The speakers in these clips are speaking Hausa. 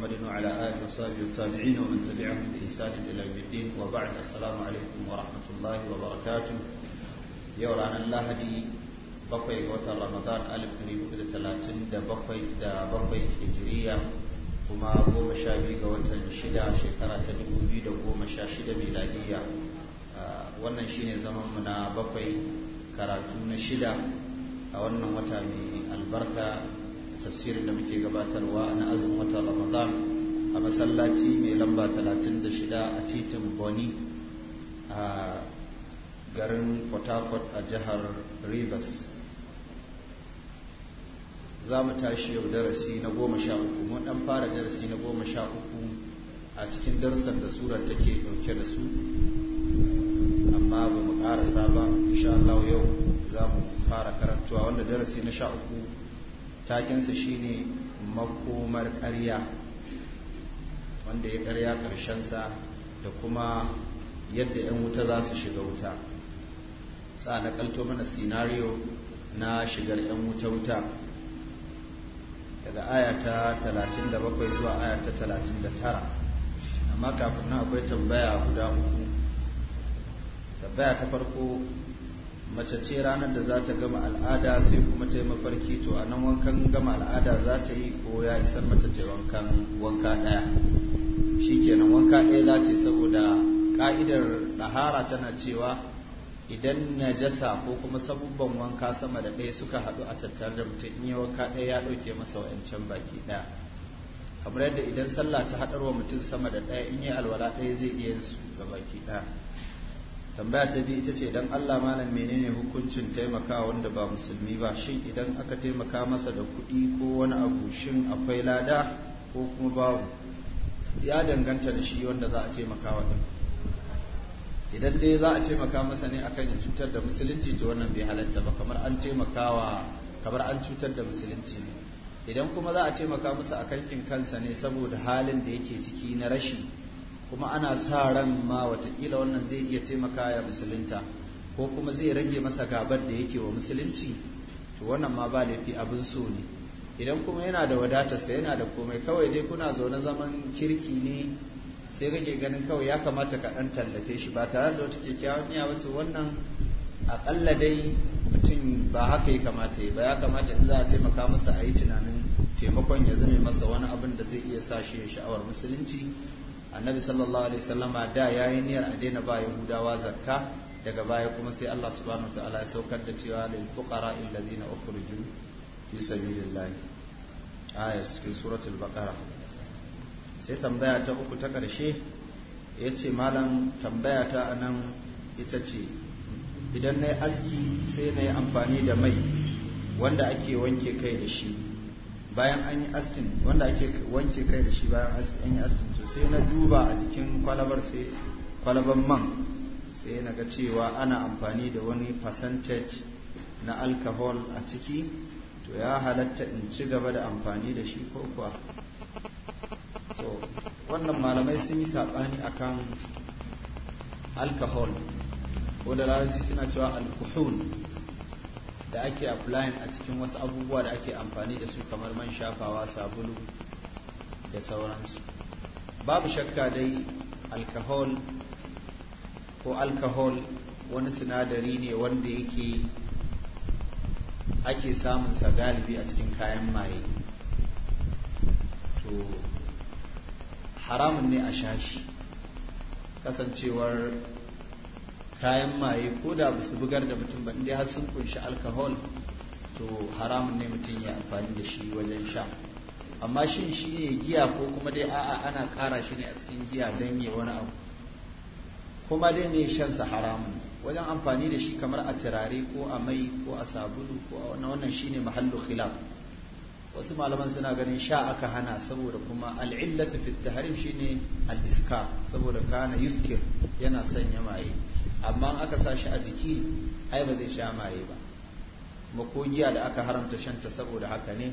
محمد وعلى آله وصحبه والتابعين ومن تبعهم بإحسان إلى يوم الدين وبعد السلام عليكم ورحمة الله وبركاته يورانا الله دي bakwai ga watan ramadan alif ɗari hudu da talatin da bakwai da bakwai hijiriya kuma goma sha biyu ga watan shida shekara ta dubu da goma sha shida miladiyya wannan shine zaman mu na bakwai karatu na shida a wannan wata mai albarka tafsirin da muke gabatarwa na azumin watan ramadan a masallaci mai lamba 36 a titin boni a garin port a jihar rivers za mu tashi yau darasi na goma sha uku mun dan fara darasi na goma sha uku a cikin darsan da surar take dauke da su amma ba mu karasa ba insha Allah yau za mu fara karantuwa wanda darasi na sha uku takinsa shine makomar ƙarya wanda ya ƙarya sa da kuma yadda 'yan wuta za su shiga wuta na nakalto mana sinariyo na shigar 'yan wuta wuta daga aya ta 37 zuwa aya ta 39 amma kafin nan akwai tambaya guda uku tambaya ta farko mace ce ranar da za ta gama al'ada sai kuma ta yi mafarki to a nan wankan gama al'ada za ta yi ko ya isar mace ce wankan wanka ɗaya shi kenan wanka ɗaya za ta yi saboda ka'idar ɗahara tana cewa idan najasa ko kuma sabubban wanka sama da ɗaya suka haɗu a tattare da mutum in yi wanka ɗaya ya ɗauke masa wa'ancan baki ɗaya kamar yadda idan sallah ta haɗarwa mutum sama da ɗaya in yi alwala ɗaya zai iya yin su ga baki ɗaya tambaya ta biyu ita ce dan Allah malam menene hukuncin taimakawa wanda ba musulmi ba shin idan aka taimaka masa da kuɗi ko wani abu shin akwai lada ko kuma babu ya danganta da shi wanda za a taimakawa din idan dai za a taimaka masa ne akan ya cutar da musulunci to wannan bai halatta ba kamar an taimakawa kamar an cutar da musulunci ne idan kuma za a taimaka masa akan kin kansa ne saboda halin da yake ciki na rashi kuma ana sa ran ma watakila wannan zai iya taimaka ya musulunta ko kuma zai rage masa gabar da yake wa musulunci to wannan ma ba laifi abin so ne idan kuma yana da wadatarsa yana da komai kawai dai kuna zaune zaman kirki ne sai rage ganin kawai ya kamata ka ɗan tallafe shi ba tare da wata kyakkyawar niyya ba wannan aƙalla dai mutum ba haka ya kamata ba ya kamata in za a taimaka masa a yi tunanin taimakon ya zame masa wani abin da zai iya sa shi ya sha'awar musulunci annabi sallallahu alaihi wasallama da yayi niyyar a daina ba yahudawa zakka daga baya kuma sai Allah subhanahu ta'ala ya saukar da cewa lil fuqara alladhina ukhriju fi sabilillah ayat cikin suratul baqara sai tambaya ta uku ta karshe yace malam tambaya ta anan ita ce idan nayi aski sai nayi amfani da mai wanda ake wanke kai da shi bayan an yi askin wanda ake wanke kai da shi bayan an yi askin to sai na duba a jikin kwalabar sai kwalabar man sai na ga cewa ana amfani da wani percentage na alcohol a ciki to ya halatta in ci gaba da amfani da shi ko kuwa to wannan malamai sun yi saɓani akan alcohol ko da larabci suna cewa alkohol da ake applying a cikin wasu abubuwa da ake amfani da su kamar man shafawa sabulu da sauransu babu shakka dai alcohol ko alcohol wani sinadari ne wanda yake ake samun sa galibi a cikin kayan maye to haramun ne a shashi kasancewar kayan maye ko da ba su bugar da mutum ba inda har sun kunshi alkahol? to haramun ne mutum ya amfani da shi wajen sha amma shin shi ne giya ko kuma dai a'a ana kara shi ne a cikin giya don ya wani abu kuma dai ne shansa haramun wajen amfani da shi kamar a turare ko a mai ko a sabulu ko a wannan shi ne mahallu khilaf wasu malaman suna ganin sha aka hana saboda kuma al'illatu fi tahrim shine al iska saboda kana yuskir yana sanya maye amma aka sa shi a jiki ai ba zai sha maye ba makogiya da aka haramta shan ta saboda haka ne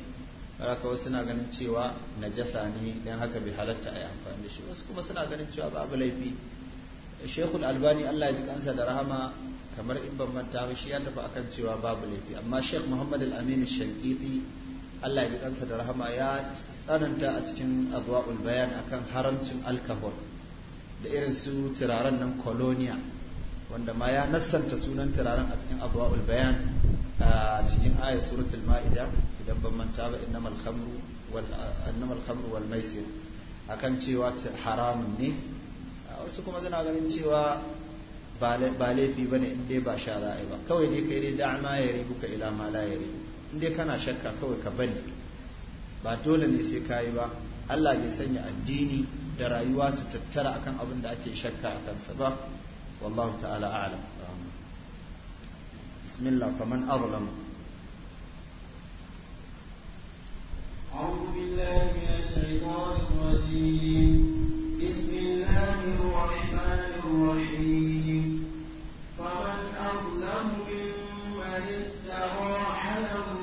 haka wasu suna ganin cewa najasa ne dan haka bai halatta ai amfani da shi wasu kuma suna ganin cewa babu laifi Sheikhul Albani Allah ya ji kansa da rahama kamar in ban manta shi ya tafi akan cewa babu laifi amma Shekh Muhammad Al-Amin al Allah ya ji kansa da rahama ya tsananta a cikin adwa'ul bayan akan haramcin alkahol da irin su turaren nan colonia wanda ma ya nassanta sunan turaren a cikin adwa'ul bayan a cikin ayat suratul ma'ida idan ban manta ba innamal khamru wal innamal khamru wal akan cewa haramun ne wasu kuma suna ganin cewa ba laifi bane in dai ba sha za'a ba kawai dai kai dai da'ama ya buka ila ma la inda kana shakka kawai ka bari ba dole ne sai ka yi ba Allah bai sanya addini da rayuwa su tattara akan abin da ake shakka a kansa ba wallahu ta'ala a'lam bismillah faman azlam أعوذ بالله من الشيطان الرجيم بسم الله الرحمن الرحيم فمن أظلم ممن على الله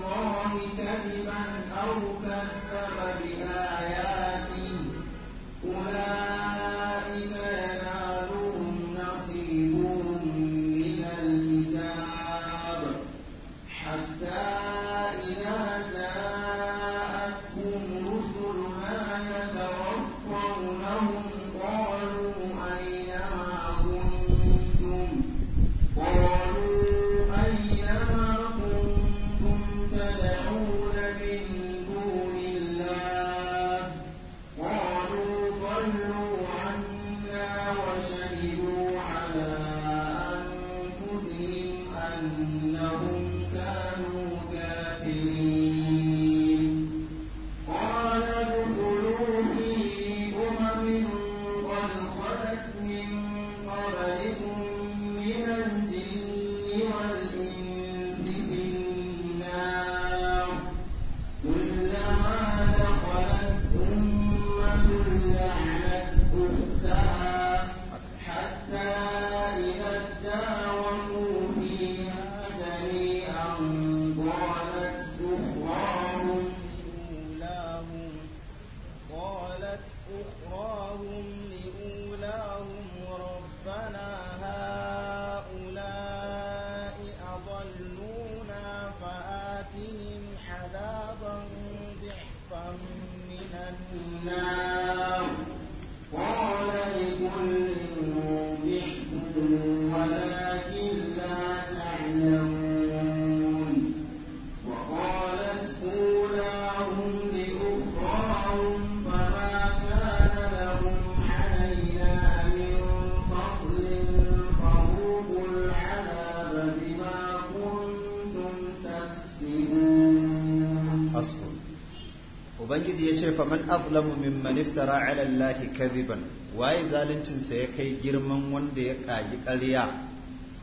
ce faman azlamu mimman iftara ala allahi kadhiban waye zaluncin sa ya kai girman wanda ya kagi ƙarya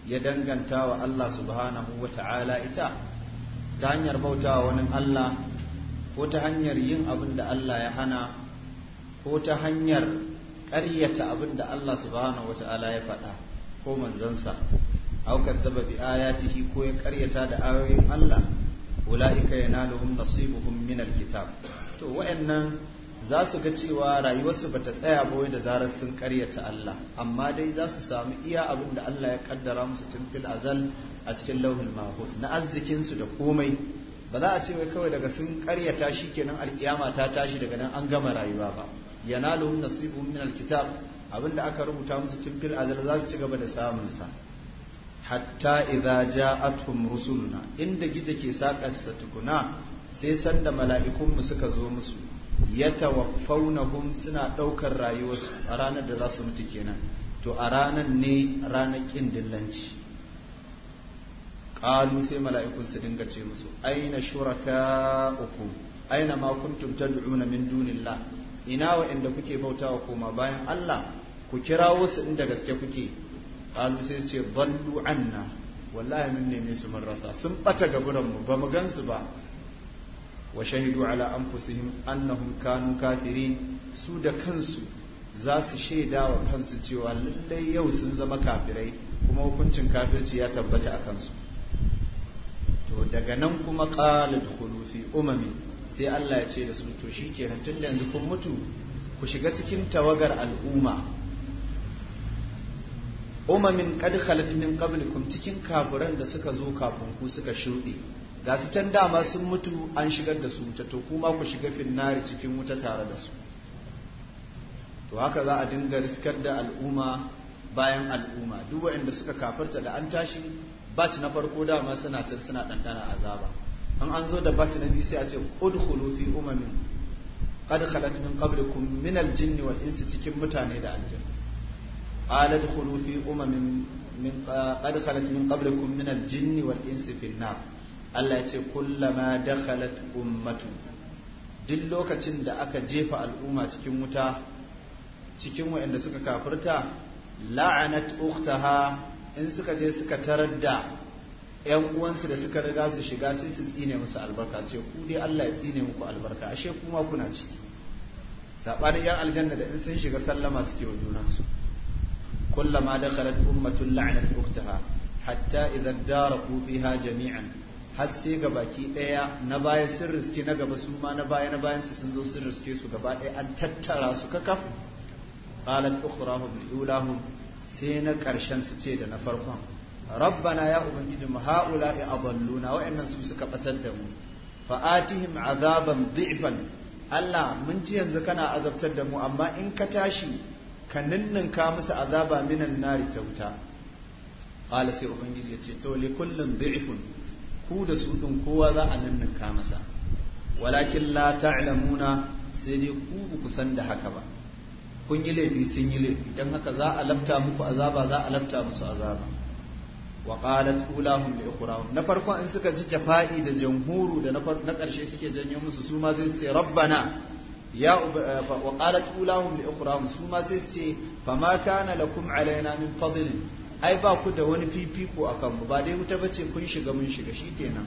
ya danganta wa Allah subhanahu wata'ala ita ta hanyar bautawa wani Allah ko ta hanyar yin abin da Allah ya hana ko ta hanyar ƙaryata abin da Allah subhanahu wata'ala ya faɗa ko manzansa au kadzaba bi ayatihi ko ya ƙaryata da ayoyin Allah ula'ika yanaluhum nasibuhum min alkitab to wayannan za su ga cewa rayuwarsu bata tsaya ba da zarar sun karyata Allah amma dai za su samu iya abin da Allah ya kaddara musu tun fil azal a cikin lauhin mahfuz na arzikin su da komai ba za a ce wai kawai daga sun karyata shikenan alkiyama ta tashi daga nan an gama rayuwa ba yanaluhum nasibuhum min alkitab abin da aka rubuta musu tun fil azal za su ci gaba da samun sa hatta idza ja'atuhum rusuluna inda gida ke sakarsa tukuna sai sanda mala'ikunmu suka zo musu yatawaffawnahum suna daukar rayuwarsu a ranar da za su mutu kenan to a ranar ne ranar kin dillanci qalu sai mala'ikun su dinga ce musu aina shuraka'ukum aina ma kuntum tad'una min dunillah ina wa inda kuke bautawa koma bayan Allah ku kirawo su inda gaske kuke qalu sai su ce dallu anna wallahi mun neme su mun rasa sun ɓata gaburan mu ba mu gansu ba wa shahidu ala anfusihim annahum kanu kafirin su da kansu za su shaida wa kansu cewa lallai yau sun zama kafirai kuma hukuncin kafirci ya tabbata a kansu to daga nan kuma qala dukhulu fi umami sai Allah ya ce da su to shikenan da yanzu kun mutu ku shiga cikin tawagar al'umma umamin kad khalat min qablikum cikin kafiran da suka zo kafin ku suka shuɗe ga su can dama sun mutu an shigar da su wuta to kuma ku shiga finnari cikin wuta tare da su to haka za a dinga riskar da al'umma bayan al'umma duk waɗanda suka kafarta da an tashi bat na farko dama suna can suna ɗanɗana azaba in an zo da bat na biyu sai a ce udkhulu fi umamin qad khalat min qablikum min al-jinni wal insi cikin mutane da aljanna قال ادخلوا في أمم من قد خلت من قبلكم من الجن والإنس في النار Allah ya ce kullama dakhalat ummatu duk lokacin da aka jefa al'umma cikin wuta cikin waɗanda suka kafirta la'anat ukhtaha in suka je suka tarar da ƴan uwansu da suka riga su shiga sai su tsine musu albarka ce ku dai Allah ya tsine muku albarka ashe kuma kuna ciki sabanin yan aljanna da in sun shiga sallama suke wa junansu su كلما دخلت أمة لعنت أختها حتى إذا اداركوا فيها جميعا hasse ga baki ɗaya na bayan sun riske na gaba su ma na na bayan su sun zo sun riske su gaba ɗaya an tattara su kakaf qalat ukhrahum liulahum sai na ƙarshen su ce da na farkon rabbana ya ubangiji mu haula'i adalluna wa'annan su suka batar da mu fa'atihim azaban dhi'fan Allah mun ji yanzu kana azabtar da mu amma in ka tashi ka ninninka musu azaba minan nari ta wuta qala sai ubangiji ya ce to li kullun dhi'fun ku da su din kowa za a ninninka masa walakin la ta'lamuna sai dai ku ku san da haka ba kun yi laifi sun yi laifi dan haka za a lafta muku azaba za a lafta musu azaba wa qalat ulahum li ukhrahum na farko in suka ji jafa'i da jamhuru da na karshe suke janyo musu su ma zai ce rabbana ya eh, wa qalat ulahum li ukhrahum su ma ce fa ma kana lakum alaina min fadlin ai ba ku da wani fifiko akan mu ba dai wuta bace kun shiga mun shiga kenan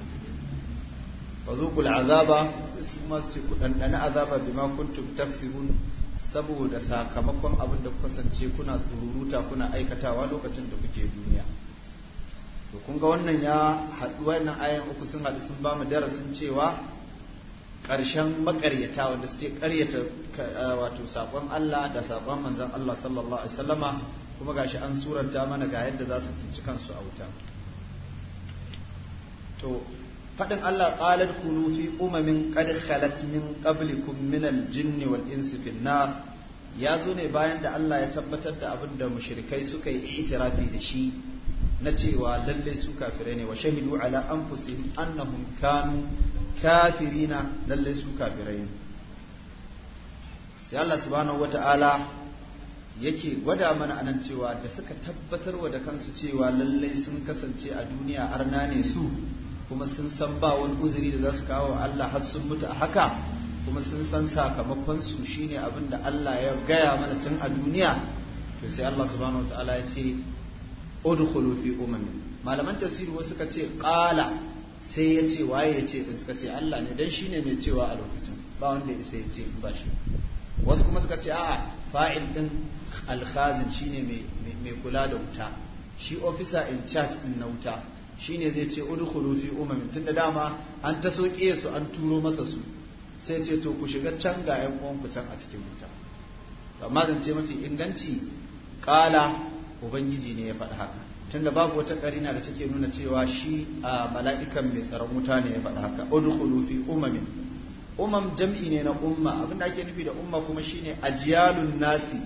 fa zuqul azaba su ma su ce ku dandana azaba bima kuntum tafsirun saboda sakamakon abin da kasance kuna tsururuta kuna aikatawa lokacin da kuke duniya to kun ga wannan ya haɗu wannan ayan uku sun haɗu sun ba mu darasin cewa ƙarshen makaryata wanda suke karyata wato saƙon Allah da sakon manzan Allah sallallahu alaihi wasallama kuma ga shi an suranta mana ga yadda za su tsinci kansu a wuta to faɗin Allah ƙalar kunu fi umamin qad khalat min qablikum min jinni wal insi ya zo ne bayan da Allah ya tabbatar da abin da mushrikai suka yi itirafi da shi na cewa lallai su kafirai ne wa shahidu ala anfusihim annahum kanu kafirina lalle su kafirai ne sai Allah subhanahu wata'ala yake gwada mana anan cewa da suka tabbatar wa da kansu cewa lalle sun kasance a duniya arna ne su kuma sun san ba wani uzuri da za su kawo Allah har sun mutu a haka kuma sun san sakamakon su shine abin da Allah ya gaya mana tun a duniya to sai Allah subhanahu wata'ala ya ce udkhulu fi umami malaman tafsiri wasu suka ce qala sai ya ce waye ya ce suka ce Allah ne dan shine mai cewa a lokacin ba wanda ya sai ya ce ba shi wasu kuma suka ce a'a fa'il din alkhazin shine mai kula da wuta shi ofisa in charge din na wuta shine zai ce udkhulu fi umamin tunda dama an ta soke su an turo masa su sai ce to ku shiga can ga ƴan uwanku can a cikin wuta amma zance mafi inganci kala ubangiji ne ya faɗi haka tunda babu wata karina da take nuna cewa shi a mala'ikan mai tsaron wuta ne ya faɗa haka udkhulu fi umamin umam jam'i ne na umma abin abinda ake nufi da umma kuma shine ajiyalun nasi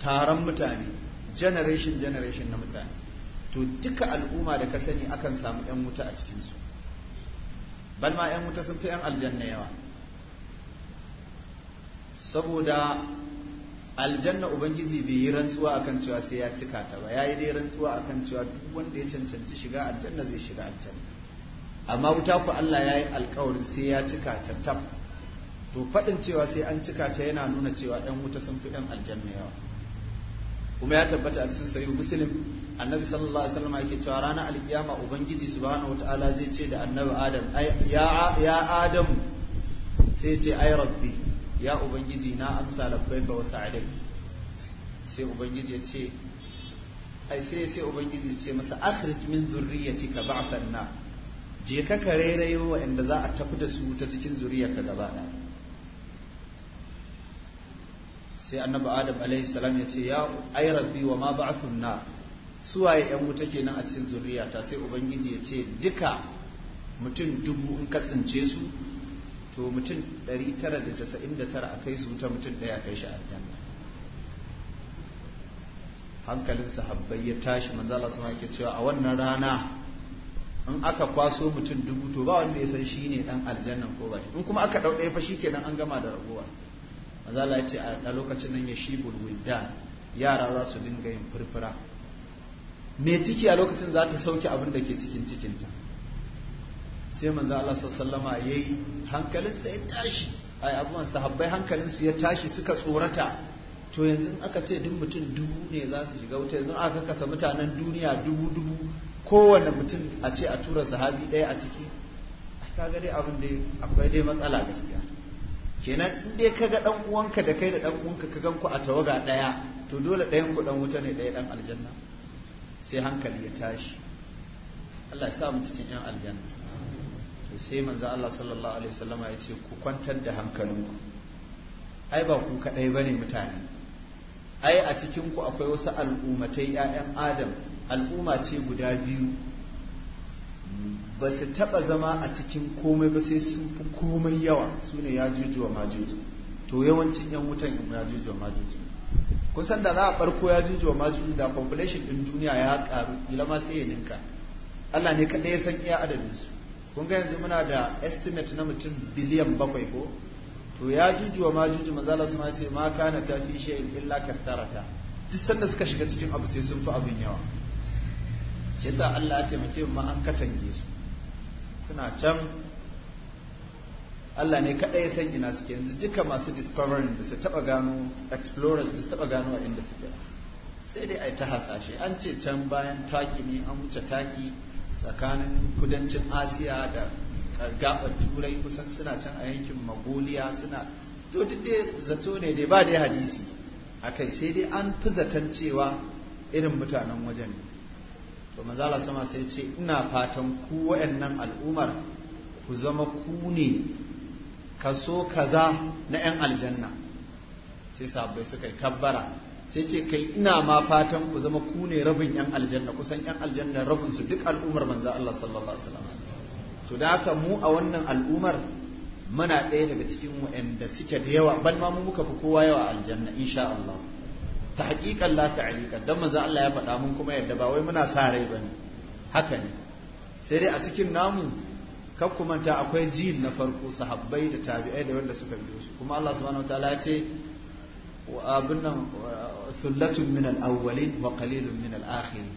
taron mutane generation generation na mutane to duka al'umma da ka sani akan samu yan wuta a cikin su bal ma yan wuta sun fi yan aljanna yawa saboda aljanna ubangiji bai yi rantsuwa akan cewa sai ya cika ta ba yayi dai rantsuwa akan cewa duk wanda ya cancanci shiga aljanna zai shiga aljanna amma wuta ku Allah yayi alkawarin sai ya cika ta tab to fadin cewa sai an cika ta yana nuna cewa ɗan wuta sun fi ɗan aljanna yawa kuma ya tabbata a cikin sahihu muslim annabi sallallahu alaihi wasallam yake cewa ranar alkiyama ubangiji subhanahu wataala zai ce da annabi adam ya ya adam sai ce ai rabbi ya ubangiji na amsa ka wasu sa'adai sai ubangiji ya ce ai sai sai ubangiji ya ce masa akhrij min zurriyyatika ba'than na je ka karerayo wa'anda za a tafi da su ta cikin ka gaba sai annabi adam alaihi salam ya ce ya ai rabbi wa ma ba'thun na su suwaye yan wuta kenan a cikin zuriyata sai ubangiji ya ce duka mutum dubu in ka tsince su to mutum 999 a kai su ta mutum ɗaya kai shi aljanna hankalin sahabbai ya tashi manzo Allah sama yake cewa a wannan rana in aka kwaso mutum dubu to ba wanda ya san shi ne dan aljannan ko ba shi in kuma aka dau ɗaya fa shikenan an gama da ragowa manzo Allah ya ce a lokacin nan ya shibul wildan yara za su dinga yin furfura me ciki a lokacin za ta sauke abin da ke cikin cikinta sai manzo Allah sallama yayi hankalinsa ya tashi ai abubuwan sahabbai hankalinsu ya tashi suka tsorata to yanzu aka ce duk mutum dubu ne za su shiga wuta yanzu aka kasa mutanen duniya dubu dubu kowane mutum a ce a tura sahabi ɗaya a ciki kaga dai abin da akwai dai matsala gaskiya kenan in dai kaga dan uwanka da kai da dan uwanka ka ganku a tawaga ɗaya to dole ɗayan ku dan wuta ne ɗaya dan aljanna sai hankali ya tashi Allah ya sa mu cikin yan aljanna to sai manzo Allah sallallahu alaihi wasallam ya ce ku kwantar da hankalinku ai ba ku kadai bane mutane ai a cikin ku akwai wasu al'ummatai ƴaƴan adam al'umma ce guda biyu ba su taɓa zama a cikin komai ba sai sun fi komai yawa su ne yajuju wa majuju to yawancin yan wutan yajuju wa majuju kusan da za a barko yajuju wa majuju da population ɗin duniya ya karu ilama sai ya ninka Allah ne kaɗai ya san iya adadin su. Kunga yanzu muna da estimate na mutum biliyan bakwai ko to ya juju wa majuju manzo su ma ce ma kana ta fi in illa kattarata duk sanda suka shiga cikin abu sai sun fi abin yawa shi yasa Allah ya taimake mu ma an katange su suna can Allah ne kaɗai ya san ina suke yanzu duka masu discovering ba su taɓa gano explorers ba su taɓa gano a inda suke sai dai a ta hasashe an ce can bayan taki ne an wuce taki tsakanin kudancin asiya da gabar turai kusan suna can a yankin magoliya suna to duk dai zato ne dai ba dai hadisi a kai sai dai an fi zaton cewa irin mutanen wajen ne to manzala sama sai ce ina fatan ku wayannan al'umar ku zama ku ne kaso kaza na 'yan aljanna sai sabai suka yi kabbara sai ce kai ina ma fatan ku zama ku ne rabin yan aljanna kusan yan aljanna rabin su duk al'ummar manzo Allah sallallahu alaihi wasallam to da haka mu a wannan al'ummar muna ɗaya daga cikin waɗanda suke da yawa ban ma mu muka fi kowa yawa aljanna insha Allah ta haƙiƙan la ta'liqan dan manzo Allah ya faɗa mun kuma yadda ba wai muna sa rai bane haka ne sai dai a cikin namu kar ku manta akwai jil na farko sahabbai da tabi'ai da wanda suka biyo su kuma Allah subhanahu wataala ya ce abin nan thullatun min al-awwalin wa qalilun min al-akhirin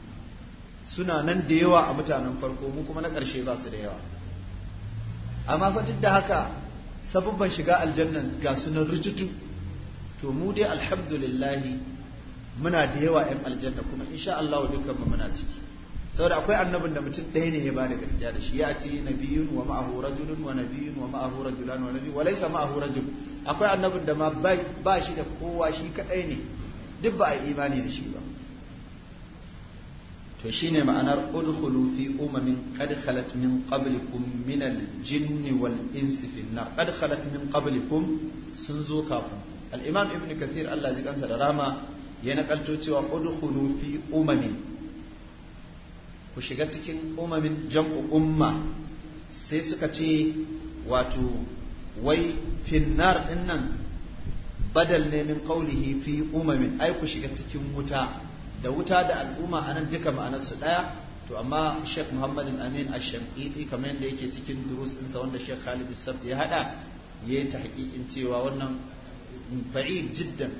suna nan da yawa a mutanen farko mu kuma na ƙarshe ba su da yawa amma fa duk da haka sababban shiga aljanna ga sunan rijitu to mu dai alhamdulillah muna da yawa yan aljanna kuma insha Allah dukkan mu muna ciki saboda akwai annabin da mutum ɗaya ne ya bada gaskiya da shi ya ce nabiyun wa ma'ahu rajulun wa nabiyun wa ma'ahu rajulan wa nabiyun wa laysa ma'ahu rajul akwai annabin da ma ba shi da kowa shi kaɗai ne duk ba a imani da shi ba to shine ma'anar udkhulu fi umamin qad khalat min qablikum min al-jinn wal insi fi nar qad khalat min qablikum sun zo kafin al-imam ibn kathir Allah ji kansa da rama ya nakalto cewa udkhulu fi umamin ku shiga cikin umamin jam'u umma sai suka ce wato wai finnar din nan badal ne min qawlihi fi umamin ai ku shiga cikin wuta da wuta da al'umma anan duka ma'anarsu su daya to amma Sheikh Muhammad Al-Amin Ash-Shamqiti kamar yadda yake cikin durus ɗinsa wanda Sheikh Khalid Sabt ya hada yayi tahqiqin cewa wannan ba'id jiddan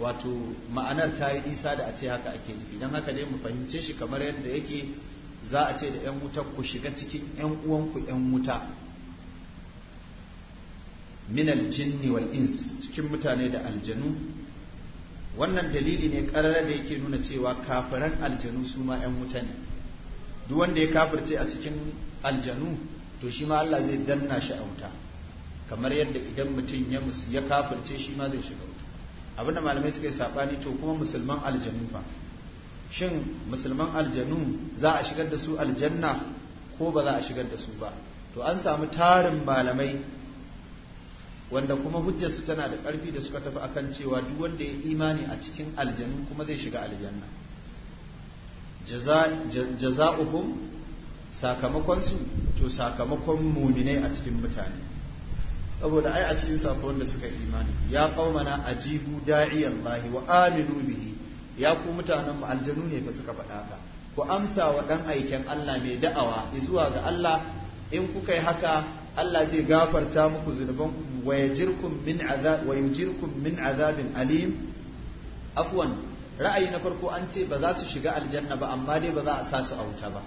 wato ma'anar ta yi nisa da a ce haka ake nufi dan haka dai mu fahimce shi kamar yadda yake za a ce da 'yan wuta ku shiga cikin 'yan uwanku 'yan wuta min aljinni wal ins cikin mutane da aljanu wannan dalili ne karara da yake nuna cewa kafiran aljanu su ma 'yan mutane duk wanda ya kafirce a cikin aljanu to shi ma Allah zai danna shi a wuta kamar yadda idan mutum ya ya kafirce shi ma zai shiga wuta abinda malamai suka yi sabani to kuma musulman aljanu fa shin musulman aljanu za a shigar da su aljanna ko ba za a shigar da su ba to an samu tarin malamai wanda kuma hujjar su tana da ƙarfi da suka tafi akan cewa duk wanda ya imani a cikin aljanu kuma zai shiga aljanna jaza'uhum sakamakon su to sakamakon muminai a cikin mutane saboda ai a cikin sako wanda suka imani ya qaumana ajibu da'iyallahi wa aminu bihi ya ku mutanen aljanu ne ba suka faɗa ka ku amsa wa dan aikin Allah mai da'awa zuwa ga Allah in kuka yi haka Allah zai gafarta muku zunubanku wa min wa yujirkum min azabin alim afwan ra'ayi na farko an ce ba za su shiga aljanna ba amma dai ba za a sa su a wuta ba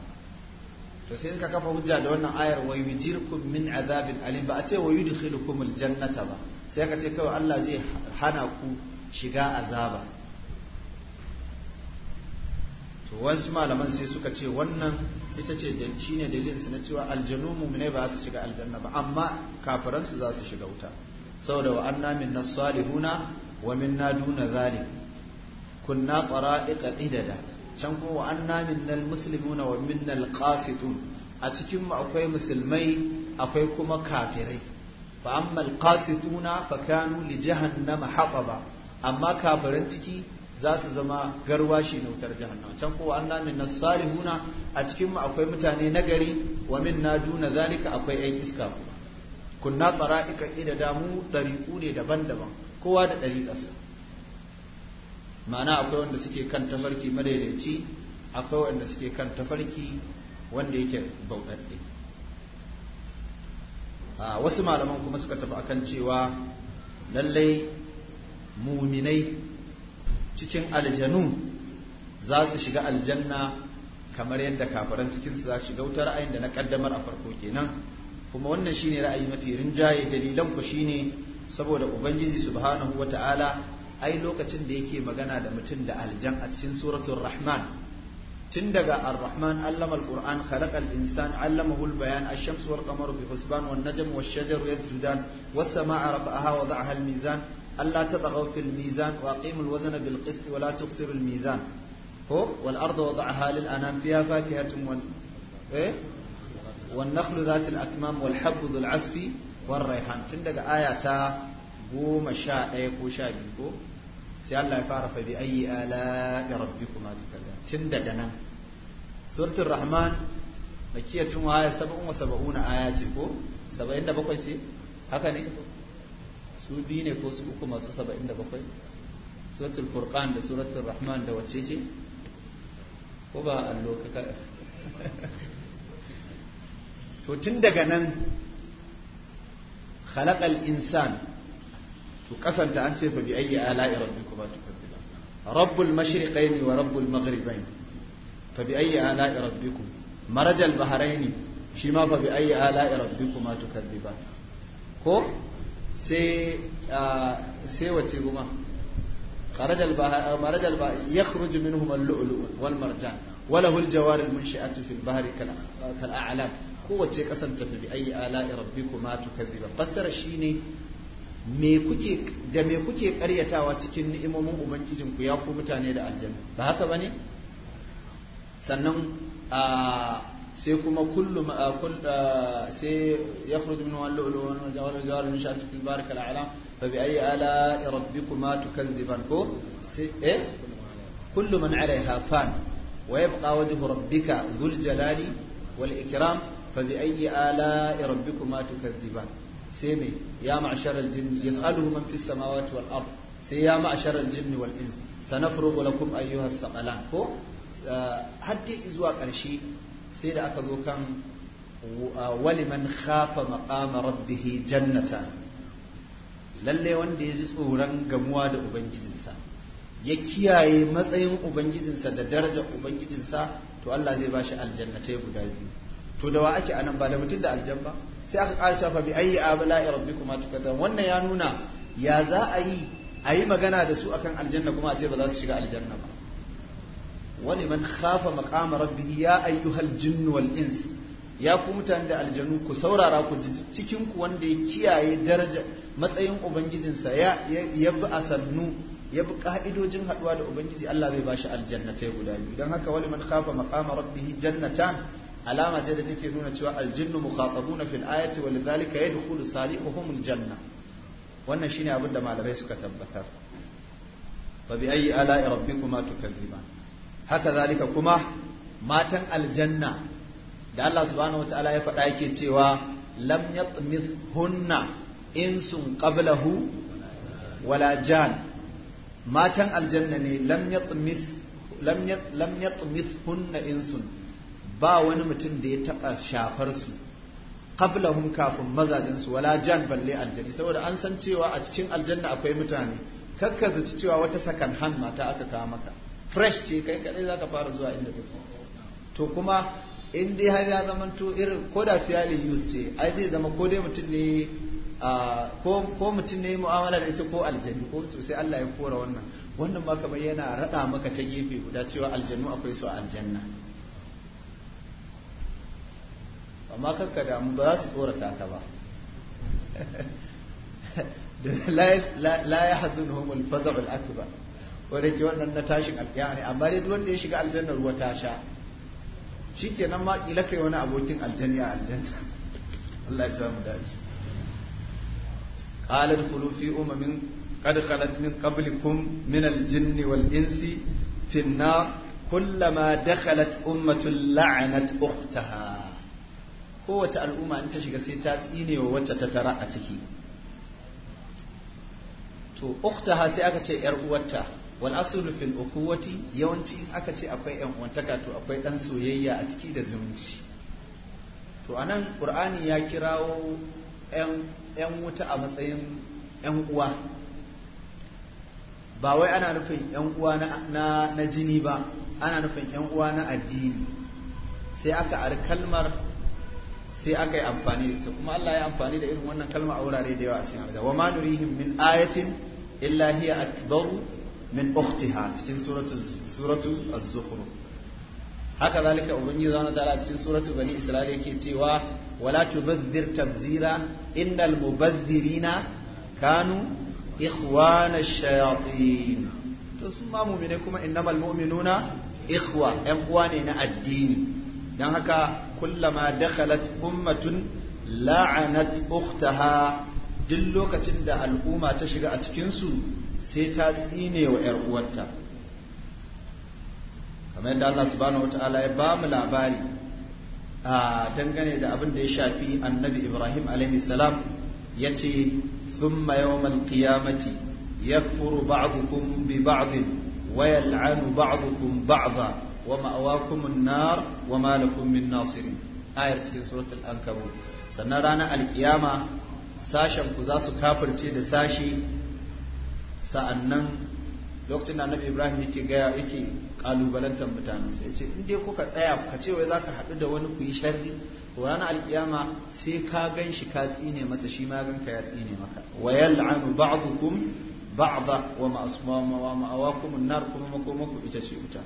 to sai suka kafa hujja da wannan ayar wa yujirkum min azabin alim ba a ce wa yudkhilukum aljannata ba sai aka ce kawai Allah zai hana ku shiga azaba to wasu malaman sai suka ce wannan ita ce shine dalilin su na cewa aljanu ne ba su shiga aljanna ba amma kafiransu za su shiga wuta saboda wa anna minna salihuna wa na duna zalik kunna qara'iqa qidada can kuma wa anna minnal muslimuna wa minnal qasitun a cikin mu akwai musulmai akwai kuma kafirai fa amma alqasituna fa kanu li jahannama hataba amma kafiran ciki za su zama garwashi na wutar jahannama can ko na tsari salihuna a cikin mu akwai mutane nagari wa min na duna zalika akwai 'yan iska kuma kunna tsara'ika ida damu ɗariƙu ne daban-daban kowa da ɗariƙarsa ma'ana akwai wanda suke kan tafarki madaidaici akwai wanda suke kan tafarki wanda yake bauɗaɗɗe wasu malaman kuma suka tafi akan cewa lallai muminai cikin aljanu za su shiga aljanna kamar yadda kafaran cikinsu za su shiga wuta ra'ayin da na kaddamar a farko kenan kuma wannan shine ra'ayi mafi rinjaye dalilan ku shine saboda ubangiji subhanahu wata'ala ai lokacin da yake magana da mutum da aljan a cikin suratul rahman tun daga ar-rahman allama al-qur'an khalaqal insan allamahu al-bayan ash-shamsu wal qamaru bi husban wan najmu wash-shajaru yasjudan was-samaa'a rafa'aha wa dha'aha al-mizan Allah ta tsaga fil mizan wa qimul wazna bil qist wa la tuqsir al mizan ko wal ardu wada'aha lil anam fiha fakihatun wa eh wan nakhlu dhatil akmam wal habbu dhul asfi war rayhan tun daga ayata 11 ko 12 ko sai Allah ya fara fa bi ayi ala rabbikuma tukallam tun daga nan suratul rahman makiyatun wa ayat 77 aya ce ko 77 ce haka su biyu ne ko su uku masu saba'in da bakwai suratul furqan da suratul rahman da wacce ce ko ba allo ka to tun daga nan khalaqal insan to kasanta an ce fa bi ayyi ala'i rabbikuma tukadzibun rabbul mashriqayn wa rabbul maghribayn fa bi ayyi ala'i rabbikum marajal bahrayn shi ma fa bi ayyi ala'i rabbikuma tukadzibun ko sai sai wace kuma خرج البحر مرج البحر يخرج منهما kowace kasan tafi bi ayi rabbikuma shine me kuke da me kuke karyatawa cikin ni'imomin ubangijin ku ya ku mutane da aljanna ba haka bane sannan a sai kuma kullu ma sai ya khruju min wal lu'lu wal jawhar min sha'at fil barak al a'la fa bi ayyi ala rabbikuma tukadziban ko sai eh kullu man 'alayha fan wa yabqa wajhu rabbika dhul jalali wal ikram fa bi ayyi ala rabbikuma tukadziban sai me ya ma'shar al jinn yas'aluhu man fis samawati wal ard sai ya ma'shar al jinn wal ins sanafrugu lakum ayyuha as-saqalan ko haddi zuwa ƙarshe sai da aka zo kan waliman khafa maqama rabbih jannata lalle wanda ya ji tsoron gamuwa da ubangijinsa ya kiyaye matsayin ubangijinsa da darajar ubangijinsa to Allah zai bashi aljannatai guda biyu to da wa ake anan ba da mutum da aljan sai aka ƙara cewa fa bi ayi abla'i rabbikuma tukadzab wannan ya nuna ya za a a yi magana da su akan aljanna kuma a ce ba za su shiga aljanna ba ولمن خاف مقام ya يا أيها الجن والإنس ya ku mutane da aljanu ku saurara ku ji cikin ku wanda ya kiyaye daraja matsayin ubangijinsa ya ya bi asannu ya bi ka'idojin haduwa da ubangiji Allah zai bashi aljannatai guda biyu dan haka wali man khafa maqama rabbih jannatan alama ce da take nuna cewa aljinnu mukhatabuna fil ayati wa lidhalika yadkhulu salihuhum aljanna wannan shine abin da malamai suka tabbatar babi fa bi ayyi ala'i rabbikuma ba. haka zalika kuma matan aljanna da Allah subhanahu wataala ya faɗa yake cewa lam yatmis insun qablahu wala jan matan aljanna ne lam yatmis lam yatmis hunna insun ba wani mutum da ya taɓa shafar su qablahum kafin mazajin su wala jan balle aljani saboda an san cewa a cikin aljanna akwai mutane da cewa wata sakan han mata aka kawo maka fresh ce kai kadai zaka fara zuwa inda take to kuma in dai har ya zamanto irin ko da fiyali use ce ai zai zama ko dai mutum ne ko mutum ne mu'amala da ita ko aljanu ko to sai Allah ya kora wannan wannan ma kamar yana rada maka ta gefe guda cewa aljannu akwai su a aljanna amma kakka da ba za su tsorata ka ba la yahzunuhum al-faza'u al-akbar wanda ke wannan na tashin alƙiyama ne amma dai wanda ya shiga aljanna ruwa ta sha shi shikenan ma kila yi wani abokin aljanna a aljanna Allah ya samu dace qala dkhulu fi umamin qad khalat min qablikum min al-jinni wal-insi finna an-nar كلما دخلت أمة لعنت أختها kowace al'umma in ta shiga sai ta tsine wa wacce ta tara a ciki to uktaha sai aka ce yar uwarta wal asulu fil ukuwati yawanci aka ce akwai yan uwantaka to akwai dan soyayya a ciki da zumunci to anan qur'ani ya kirawo yan yan wuta a matsayin yan uwa ba wai ana nufin yan uwa na na jini ba ana nufin yan uwa na addini sai aka ar kalmar sai aka yi amfani da ita kuma Allah ya amfani da irin wannan kalma a wurare da yawa a cikin wa ma nurihim min ayatin illa hiya akbaru min ukhtiha cikin suratu suratu az-zukhruf haka zalika ubangiji zana ta'ala cikin suratu bani isra'ila yake cewa wala tubadhir tabdhira innal mubadhirina kanu ikhwana shayatin to sun ma mu'mine kuma innamal mu'minuna ikhwa yan uwa ne na addini dan haka kullama dakhalat ummatun la'anat ukhtaha duk lokacin da al'umma ta shiga a cikinsu sai ta tsine wa ‘yar uwarta kamar yadda Allah subhanahu ya ba mu labari a dangane da abin da ya shafi annabi ibrahim alaihi salam ya ce thumma yawmal qiyamati yakfuru ba'dukum bi ba'din wa yal'anu ba'dukum ba'da wa ma'awakumun nar wa malakum min nasirin ayar cikin suratul ankabut sannan ranar alkiyama sashen ku za su kafirce da sashi sa'annan lokacin da annabi ibrahim yake gaya yake kalubalantar mutanensa ya ce in dai kuka tsaya ka ce wai za ka haɗu da wani ku yi sharri to ranar alkiyama sai ka gan shi ka tsine masa shi ma gan ka ya tsine maka wa yal'anu ba'dukum ba'da wa ma'asmama wa an-nar kuma makomaku ita ce wuta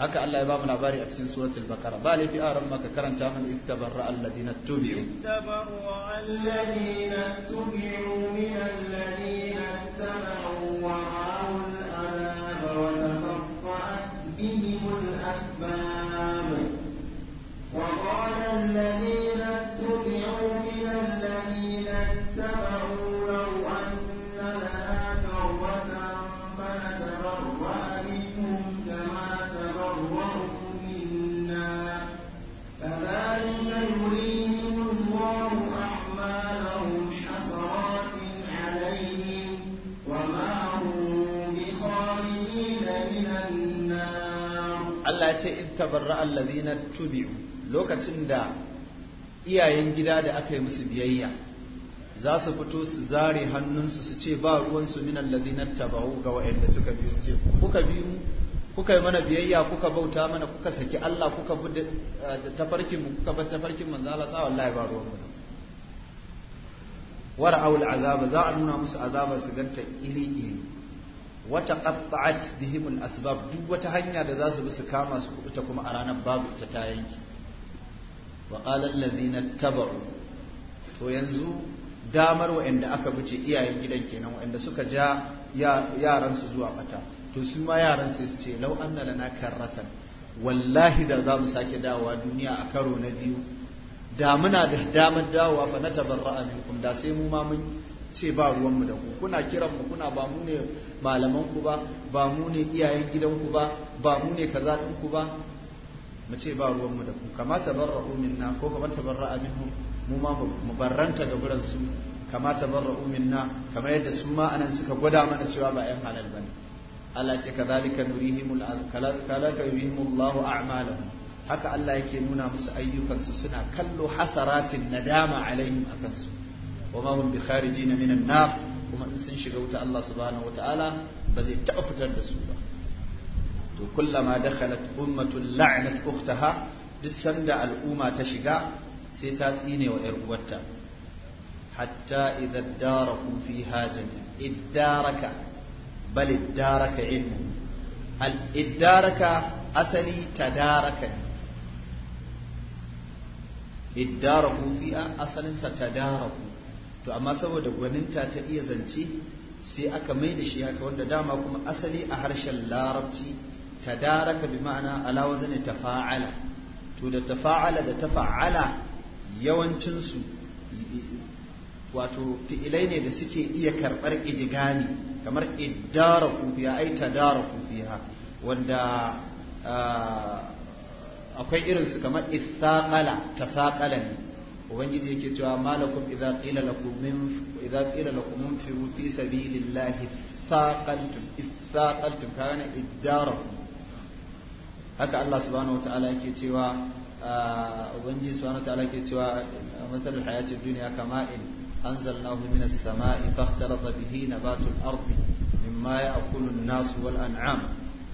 haka Allah ya ba mu labari a cikin suratul baqara ba laifi aran maka karanta mana ittabarra alladina tubi'u ittabarra alladina tubi'u min alladina tabu wa awul anaba wa taqaffa'at bihim al-asbab wa qala alladina tabarra allazina tubi'u lokacin da iyayen gida da aka yi musu biyayya za su fito su zare hannunsu su ce ba ruwansu min allazina tabau ga waɗanda suka biyu su ce kuka bi mu kuka yi mana biyayya kuka bauta mana kuka saki Allah kuka bi eh, tafarkin mu kuka bar tafarkin manzo Allah sa wallahi ba ruwan mu aul azaba za a nuna musu azaba su ganta iri iri wata qat'at bihim al-asbab duk wata hanya da zasu bi su kama su kubuta kuma a ranar babu ita ta yanki wa qala alladhina tabu to yanzu damar wa'anda aka buce iyayen gidan kenan wa'anda suka ja yaran su zuwa bata to su ma yaran sai su ce law anna lana karatan wallahi da za mu sake dawowa duniya a karo na biyu da muna da damar dawowa fa na tabarra'a minkum da sai mu ma mun ce ba ruwanmu da ku kuna kiran mu kuna ba mu ne malaman ku ba ba mu ne iyayen gidan ku ba ba mu ne kaza din ku ba mu ce ba ruwanmu da ku kama tabarra'u minna ko kama tabarra'a minhu mu ma mu barranta ga gurin su kama tabarra'u minna kamar yadda su ma anan suka gwada mana cewa ba ƴan halal bane Allah ce kadhalika nurihimul kadhalika yurihimullahu a'malahum haka Allah yake nuna musu ayyukansu suna kallo hasaratin nadama alaihim akansu wa ma hum bi kharijina minan nar kuma in sun shiga wuta Allah subhanahu wataala ba zai taɓa fitar da su ba to kullama dakhalat ummatun la'nat ukhtaha duk sanda al'umma ta shiga sai ta tsine wa yar uwarta hatta idza daraku fiha jami'an iddaraka bal iddaraka ilmu al iddaraka asali tadaraka ne iddaraku fiha asalinsa tadaraku to amma saboda gwaninta ta iya zance sai aka mai da shi haka wanda dama kuma asali a harshen larabci ta tadaraka bi ma'ana ala ta fa'ala to da ta fa'ala da ta fa'ala yawancinsu, wato fi'ilai ne da suke iya karɓar idigami kamar iddara kufiya ai ta dara kufiya wanda ah, akwai irinsu kamar ta tasaqala ne ubangiji yake cewa malakum idza qila lakum min idza qila lakum munfiru fi sabilillahi thaqaltum ithaqaltum kana iddarakum haka Allah subhanahu wataala yake cewa ubangiji subhanahu wataala yake cewa masalul hayati dunya kama'in anzalnahu minas sama'i fakhtalata bihi nabatul ardi مما يأكل الناس والأنعام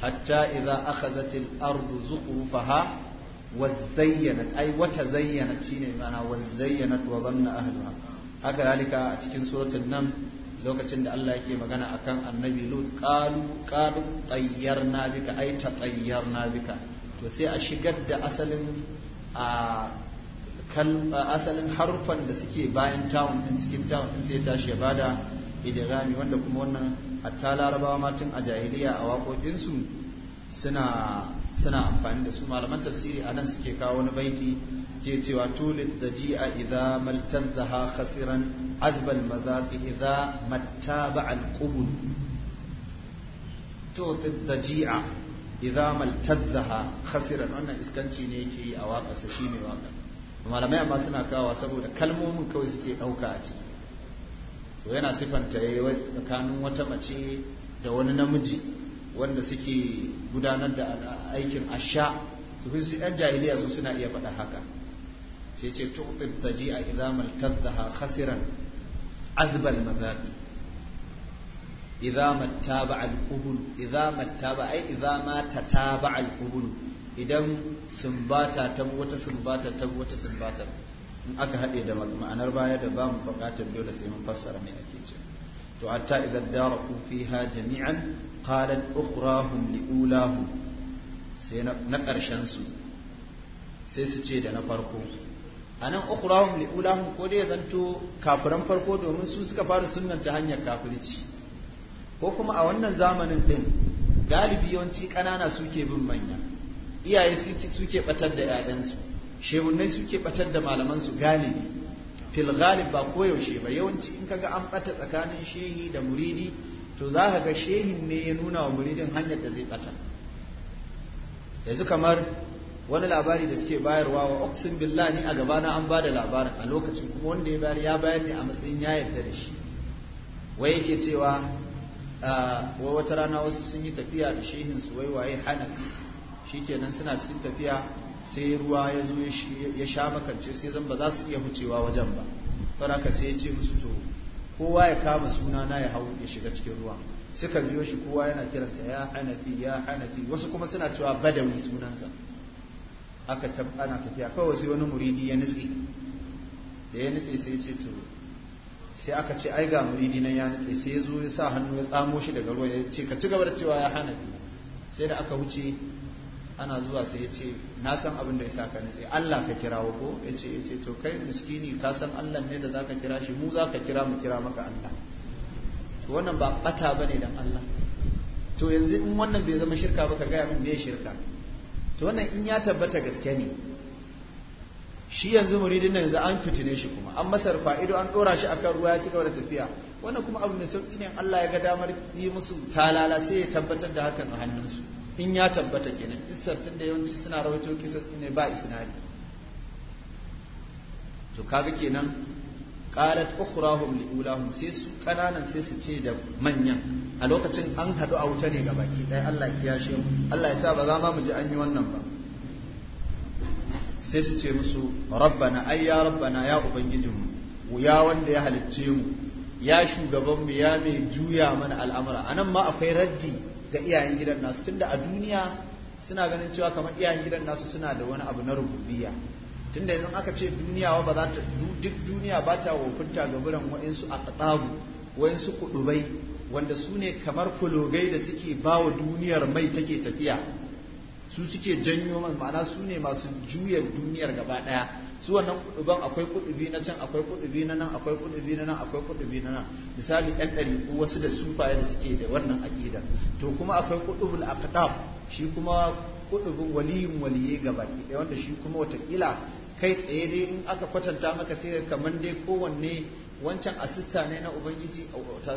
حتى إذا أخذت الأرض زخرفها wazayyanat ai wata zayyana shine ma'ana wazayyanat wa zanna haka a cikin suratul nan lokacin da Allah yake magana akan annabi lut qalu qad tayyarna bika ai tatayyarna bika to sai a shigar da asalin a asalin harfan da suke bayan tawun din cikin tawun din sai tashi ya bada idgami wanda kuma wannan hatta larabawa matan tun a jahiliya a waƙoƙinsu suna suna amfani da su malaman tafsiri a nan suke kawo wani baiti ke cewa tulid da ji'a idza maltazaha khasiran azbal mazaqi idza mattaba al qubul tulid da ji'a idza maltazaha khasiran wannan iskanci ne yake yi a waka sa shi ne waka malamai amma suna kawo saboda kalmomin kawai suke dauka a ciki to yana sifanta yayi eh, tsakanin wata mace da wani namiji wanda suke gudanar da aikin asha to su yan jahiliya su suna iya faɗa haka sai ce tuqtib taji'a idza maltadha khasiran azbal Idamar ta ba al idamar ta ba, ai idza ta tataba al-qubul idan sumbata ta wata sumbata ta wata sumbata in aka haɗe da ma'anar baya da ba mu buƙatar dole sai mun fassara mai ake ce to hatta idan daraku ha jami'an qalat ukhrahum liulahum sai na karshen su sai su ce da na farko anan ukhrahum liulahum ko dai zanto kafiran farko domin su suka fara sunnan ta hanyar kafirci ko kuma a wannan zamanin din galibi yawanci kanana suke bin manya iyaye suke batar da 'ya'yansu shehunnai suke batar da malamansu galibi fil ghalib ba koyaushe ba yawanci in kaga an bata tsakanin shehi da muridi to za ka ga shehin ne ya nuna wa muridin hanyar da zai bata yanzu kamar wani labari da suke bayarwa wa oksin billah ni a gabana an ba da labarin a lokacin kuma wanda ya bayar ya bayar ne a matsayin ya yarda da shi wai yake cewa ah, wai wata rana wasu sun yi tafiya da shehin su wai waye hanafi shikenan suna cikin tafiya sai ruwa ya zo ya sha makance sai zan ba za su iya hucewa wajen ba don haka sai ya ce musu to kowa ya kama suna na ya hau ya shiga cikin ruwa suka biyo shi kowa yana kiransa ya hanafi ya hanafi wasu kuma suna cewa badawi sunansa aka ana tafiya kawai sai wani muridi ya nutse da ya nutse sai ya ce to sai aka ce ai ga muridi nan ya nutse sai ya zo ya sa hannu ya tsamo shi daga ruwa ya ce ka ci gaba da cewa ya hanafi sai da aka wuce ana zuwa sai ya ce na san abin da ya saka ni tsaye Allah ka kira ko ya ce ya ce to kai miskini ka san Allah ne da zaka kira shi mu zaka kira mu kira maka Allah to wannan ba bata bane dan Allah to yanzu in wannan bai zama shirka ba ka gaya mun me shirka to wannan in ya tabbata gaske ne shi yanzu muridin nan yanzu an fitine shi kuma an masa fa'ido an dora shi akan ruwa ya ci gaba da tafiya wannan kuma abu mai sauki ne Allah ya ga damar yi musu talala sai ya tabbatar da hakan a hannunsu in ya tabbata kenan isar tun da yawanci suna rawaito kisa ne ba isnadi to kaga kenan qalat ukhrahum liulahum sai su kananan sai su ce da manyan a lokacin an hadu a wuta ne gabaki dai Allah ya kiyashe mu Allah ya sa ba za ma mu ji an yi wannan ba sai su ce musu rabbana ai ya rabbana ya ubangijinmu ya wanda ya halicce mu ya shugaban mu, ya mai juya mana al'amura anan ma akwai raddi ga iyayen gidan nasu tunda a duniya suna ganin cewa kamar iyayen gidan nasu suna da wani abu na rububiyya tunda yanzu aka ce duniya ba za ta duk duniya ba ta wakunta ga buran wa'insu a ƙaɗabu wa'insu kuɗubai wanda su ne kamar fulogai da suke ba wa duniyar mai take tafiya su suke janyo man ma'ana su ne masu juya duniyar gaba ɗaya su wannan kudubin akwai kudubi na can akwai kudubi na nan akwai kudubi na nan akwai kudubi na nan misali ɗan ɗari wasu da sufaye da suke da wannan aƙidar to kuma akwai kudubul aqdab shi kuma kudubin waliyin waliye baki. ɗaya wanda shi kuma watakila kai tsaye dai in aka kwatanta maka sai kamar dai kowanne wancan asista ne na ubangiji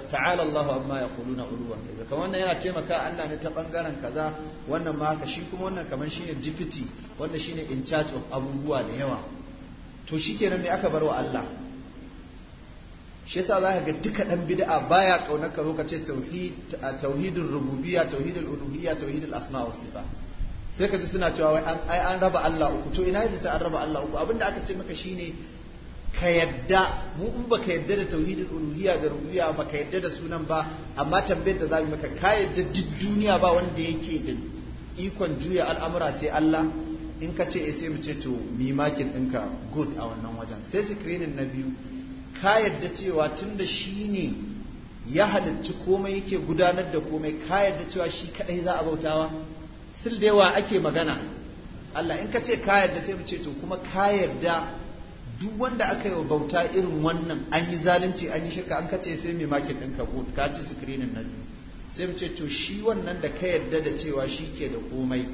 ta'ala Allah amma ya na uluwan kaza kamar wannan yana taimaka Allah ne ta bangaren kaza wannan ma haka shi kuma wannan kamar shine jifiti wanda shine in charge of abubuwa da yawa to shikenan me aka bar wa Allah shi yasa za ka ga duka dan bid'a baya kaunar ka zo ka ce tauhidin rububiya rububiyya uluhiyya tauhidin asma wa sifa. sai ka ji suna cewa wai ai an raba Allah uku to ina yadda an raba Allah uku abinda aka ce maka shine ka yadda mu in baka yadda da tauhidin uluhiyya da rububiyya baka yadda da sunan ba amma tambayar da zamu maka ka yadda duk duniya ba wanda yake da ikon juya al'amura sai Allah in ka ce sai mu ce to mi makin ɗinka good a wannan wajen sai screening na biyu ka yadda cewa tunda shi ne ya halarci komai yake gudanar da komai ka yadda cewa shi kadai za a bautawa sil da yawa ake magana Allah in ka ce ka yadda sai mu ce to kuma ka yadda duk wanda aka yi bauta irin wannan an yi zalunci an yi shirka an ka ce sai mai makin ɗinka good ka ci screening na biyu sai mu ce to shi wannan da ka yadda da cewa shi ke da komai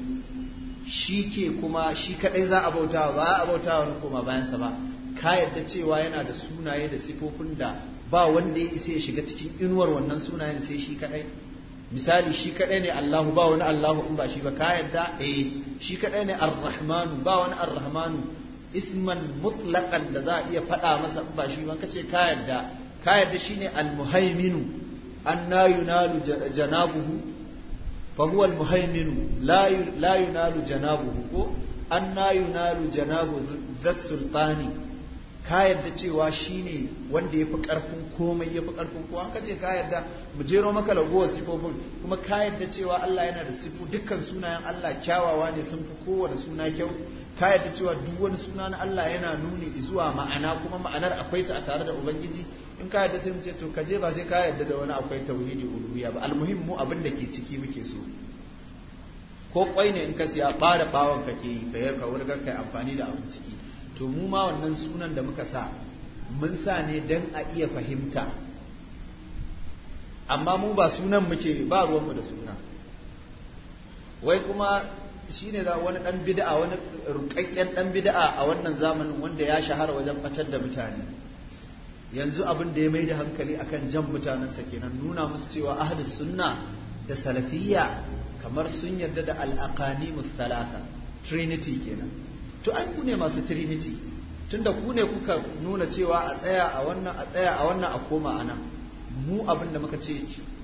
shi ke kuma shi kaɗai za a bauta ba a bauta wani koma bayansa ba ka yadda cewa yana da sunaye da sifofin da ba wanda ya isa ya shiga cikin inuwar wannan sunayen sai shi kadai misali shi kadai ne Allahu ba wani Allahu in ba shi ba ka yadda eh shi kadai ne Ar-Rahmanu ba wani Ar-Rahmanu isman mutlaqan da za a iya faɗa masa in ba shi ba kace ka yadda ka yadda shine Al-Muhaiminu na yunalu janabuhu fa huwa al-muhaimin la la yunalu janabuhu ko anna yunalu janabu dhas sultani cewa shine wanda yafi karfin komai yafi karfin ko an kace ka yadda mu jero maka lagowar sifofin kuma ka cewa Allah yana da sifu dukkan sunayen Allah kyawawa ne sun fi kowane suna kyau ka cewa duk wani suna na Allah yana nuni zuwa ma'ana kuma ma'anar akwai ta a tare da ubangiji in ka yarda sai mu ce to ka je ba sai ka yarda da wani akwai tauhidi uluhiyya ba almuhim mu abin da ke ciki muke so ko kwai ne in ka siya bada bawon ka ke ka yarka wani kai amfani da abin ciki to mu ma wannan sunan da muka sa mun sa ne dan a iya fahimta amma mu ba sunan muke ba ruwan mu da suna wai kuma shine da wani dan bid'a wani rukakken dan bid'a a wannan zamanin wanda ya shahara wajen fatar da mutane yanzu abin da ya mai da hankali akan jan mutanensa kenan nuna musu cewa ahli sunna da salafiyya kamar sun yarda da al'aqani mustalata trinity kenan to an ku ne masu trinity tunda ku ne kuka nuna cewa a tsaya a wannan a tsaya a wannan a koma a mu abin da muka ce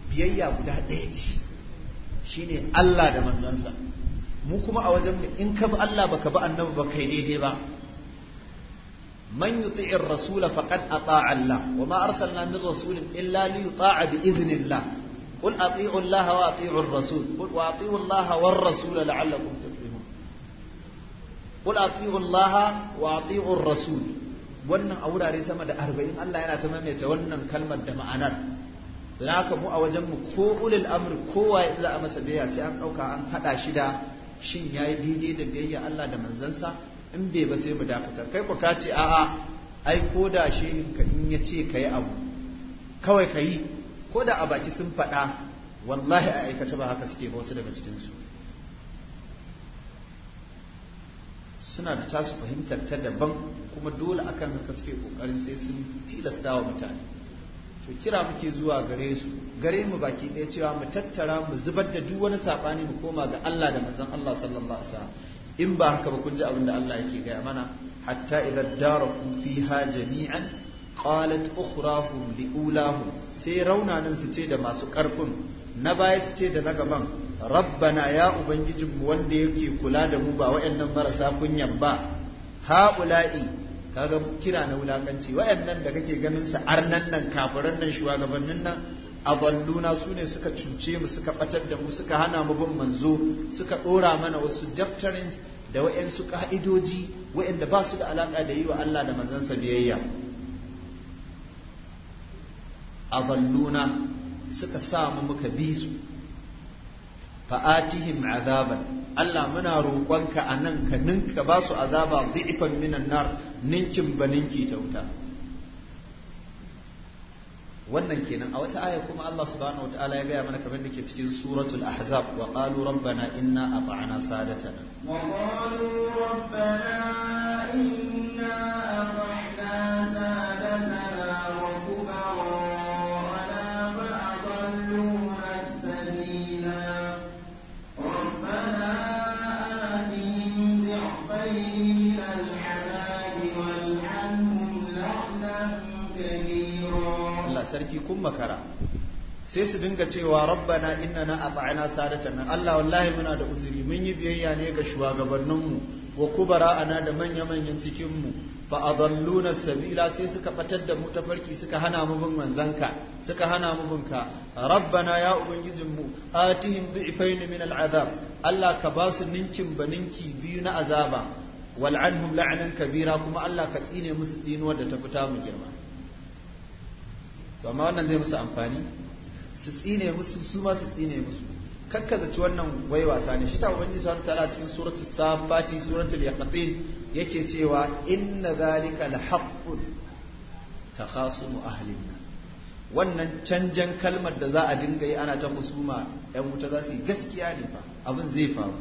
biyayya guda ɗaya ce shine Allah da manzansa mu kuma a wajen in ka bi Allah baka bi annabi ba kai daidai ba man yuti'ir rasula faqad ata'a Allah wa ma arsalna min rasulin illa li yuta'a bi idhnillah qul ati'u Allah wa ati'u ar-rasul qul wa ati'u Allah war rasul la'allakum tuflihun qul ati'u Allah wa ati'u ar wannan a wurare sama da arba'in Allah yana ta maimaita wannan kalmar da ma'anar don haka mu a wajen mu ko ulul amr kowa ya za a masa biyayya sai an ɗauka an haɗa shi da shin yayi daidai da biyayya Allah da manzansa in bai ba sai mu dakatar kai ku kace a'a ai ko da shehin ka in ya ce kai abu kawai ka ko da a baki sun faɗa wallahi a aikata ba haka suke ba wasu daga cikinsu suna da tasu fahimtar ta daban kuma dole akan haka suke kokarin sai sun tilasta wa mutane to kira muke zuwa gare su gare mu baki ɗaya cewa mu tattara mu zubar da duk wani saɓani mu koma ga Allah da manzon Allah sallallahu alaihi wasallam in ba haka ba kun ji abin da Allah yake gaya mana hatta idan daraku fiha jami'an qalat ukhrahum liulahum sai raunanin su ce da masu karfin na baya su ce da na gaban rabbana ya mu wanda yake kula da mu ba wayannan marasa kunyan ba haula'i kaga kira na wulakanci wayannan da kake ganin su arnan nan kafiran nan shugabannin nan adalluna su ne suka cuce mu suka batar da mu suka hana mu bin manzo suka dora mana wasu daftarin da wa'yansu ka'idoji wa'yanda ba su da alaƙa da yi wa Allah da manzansa biyayya a zalluna suka samu muka bi su fa'atihim azaban Allah muna roƙonka a nan ka ninka ba su azaba dhi'fan minan nar ninkin ba ninki ta wuta wannan kenan a wata aya kuma Allah subhanahu wataala ya gaya mana kamar da ke cikin suratul ahzab wa qalu rabbana inna ata'na sadatana wa qalu rabbana inna sarki kun makara sai su dinga cewa rabbana innana ata'na nan Allah wallahi muna da uzuri mun yi biyayya ne ga shugabanninmu wa ana da manya manyan cikin mu fa adalluna sabila sai suka fatar da mu ta farki suka hana mu bin manzanka suka hana mu bin ka rabbana ya ubangijinmu atihim du'ifain min al'azab Allah ka ba su ninkin baninki biyu na azaba wal'anhum la'anan kabira kuma Allah ka tsine musu tsinuwar da ta fita mu girma to amma wannan zai musu amfani su tsine musu su ma su tsine musu zaci wannan wai wasa ne shi ta sa ta ala cikin suratul safati suratul yaqin yake cewa inna zalika lahaqqun takhasumu ahli wannan canjan kalmar da za a dinga yi ana ta husuma yan wuta za su yi gaskiya ne fa abin zai faru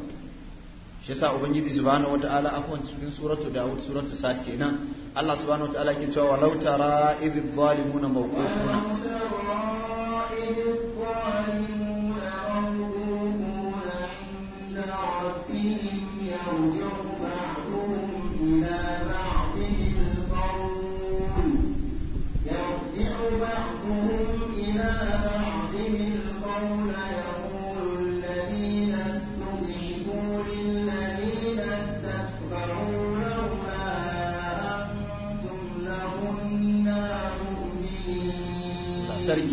shi yasa ubangiji subhanahu wataala afwan cikin suratu daud suratu sad kenan Allah subhanahu wataala ke cewa walau tara idh zalimuna mawqufuna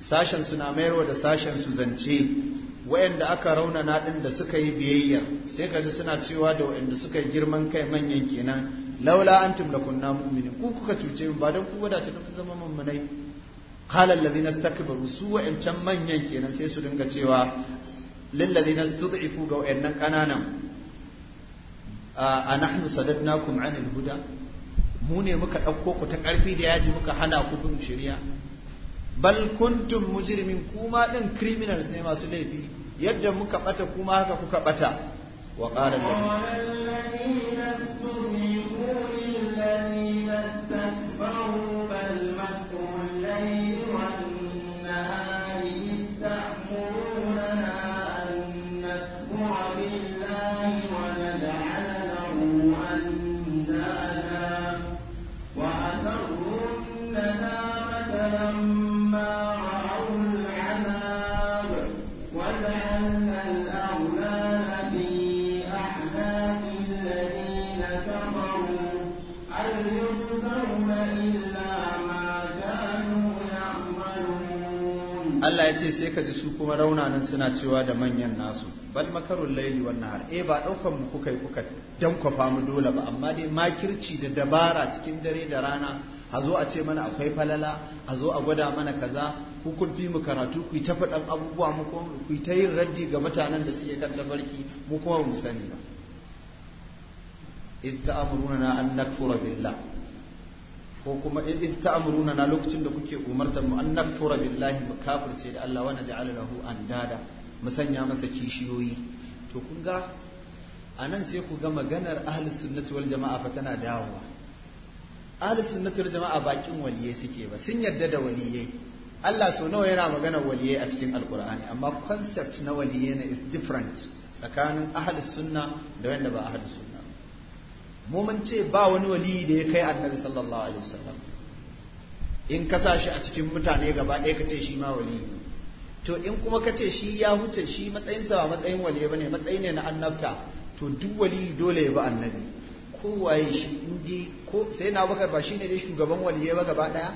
sashen su na mayarwa da sashen su zance wayanda aka raunana din da suka yi biyayya sai ka ji suna cewa da wayanda suka yi girman kai manyan kenan laula antum kunna mu'minin ku kuka cuce mu ba dan ku wadata da zama mummunai qala allazina istakbaru su wayancan manyan kenan sai su dinga cewa lil ladina stud'ifu ga wayannan kananan a nahnu sadadnakum anil huda mu ne muka ɗauko ku ta ƙarfi da yaji muka hana ku bin shari'a bal kuntum mujrimin kuma din criminals ne masu laifi yadda muka bata kuma haka kuka bata wa qala alladhina ce sai ka ji su kuma raunanan suna cewa da manyan nasu bal makarun laili wannan har eh ba daukan mu kuka yi kuka dan kwafa mu dole ba amma dai makirci da dabara cikin dare da rana a zo a ce mana akwai falala a zo a gwada mana kaza ku kun fi mu karatu ku yi ta faɗan abubuwa mu kuma ku ta yin raddi ga mutanen da suke kan tabarki mu kuma mu sani ba idda تأمروننا an nakfura billah ko kuma id ta'muruna na lokacin da kuke umartar mu an nakfura billahi mu kafirce da Allah wa ja'ala lahu andada mu sanya masa kishiyoyi to kun ga anan sai ku ga maganar ahlus sunnati wal jama'a fa tana dawowa ahlus sunnati wal jama'a bakin waliyai suke ba sun yarda da waliyai Allah so nawa yana maganar waliyai a cikin alqur'ani amma concept na waliyai na is different tsakanin ahlus sunna da wanda ba ahlus sunna mu ce ba wani wali da ya kai annabi sallallahu alaihi wasallam in ka sa shi a cikin mutane gaba ɗaya ka ce shi ma wali to in kuma ka ce shi ya huce shi matsayinsa ba matsayin wali bane matsayi ne na annabta to duk wali dole ya bi annabi waye shi indi ko sai na bakar ba shine dai shugaban waliyai ba gaba ɗaya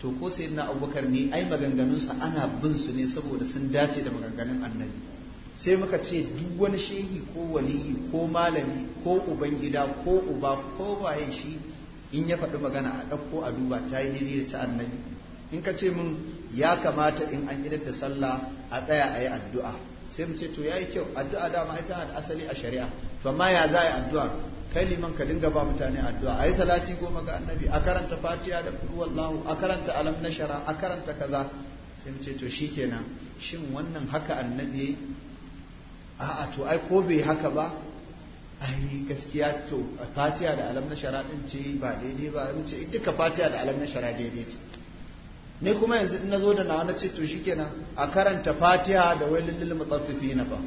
to ko sai na abubakar ne ai maganganunsa ana bin su ne saboda sun dace da maganganun annabi sai muka ce duk wani shehi ko waliyi ko malami ko ubangida ko uba ko waye shi in ya faɗi magana a ɗauko a duba ta yi daidai da ta annabi in ka ce min ya kamata in an idar da sallah a tsaya a yi addu'a sai mu ce to ya yi kyau addu'a dama ai tana da asali a shari'a to amma ya za a yi addu'a kai liman ka dinga ba mutane addu'a a yi salati goma ga annabi a karanta fatiha da kudu wallahu a karanta alam nashara a karanta kaza sai mu ce to shikenan shin wannan haka annabi a'a to ai ko bai haka ba ai gaskiya to fatiha da alam na shara din ce ba daidai ba mu ce duka fatiha da alam na shara daidai ce ne kuma yanzu in nazo da nawa wani ce to shikenan a karanta fatiha da wai wailul lil na ba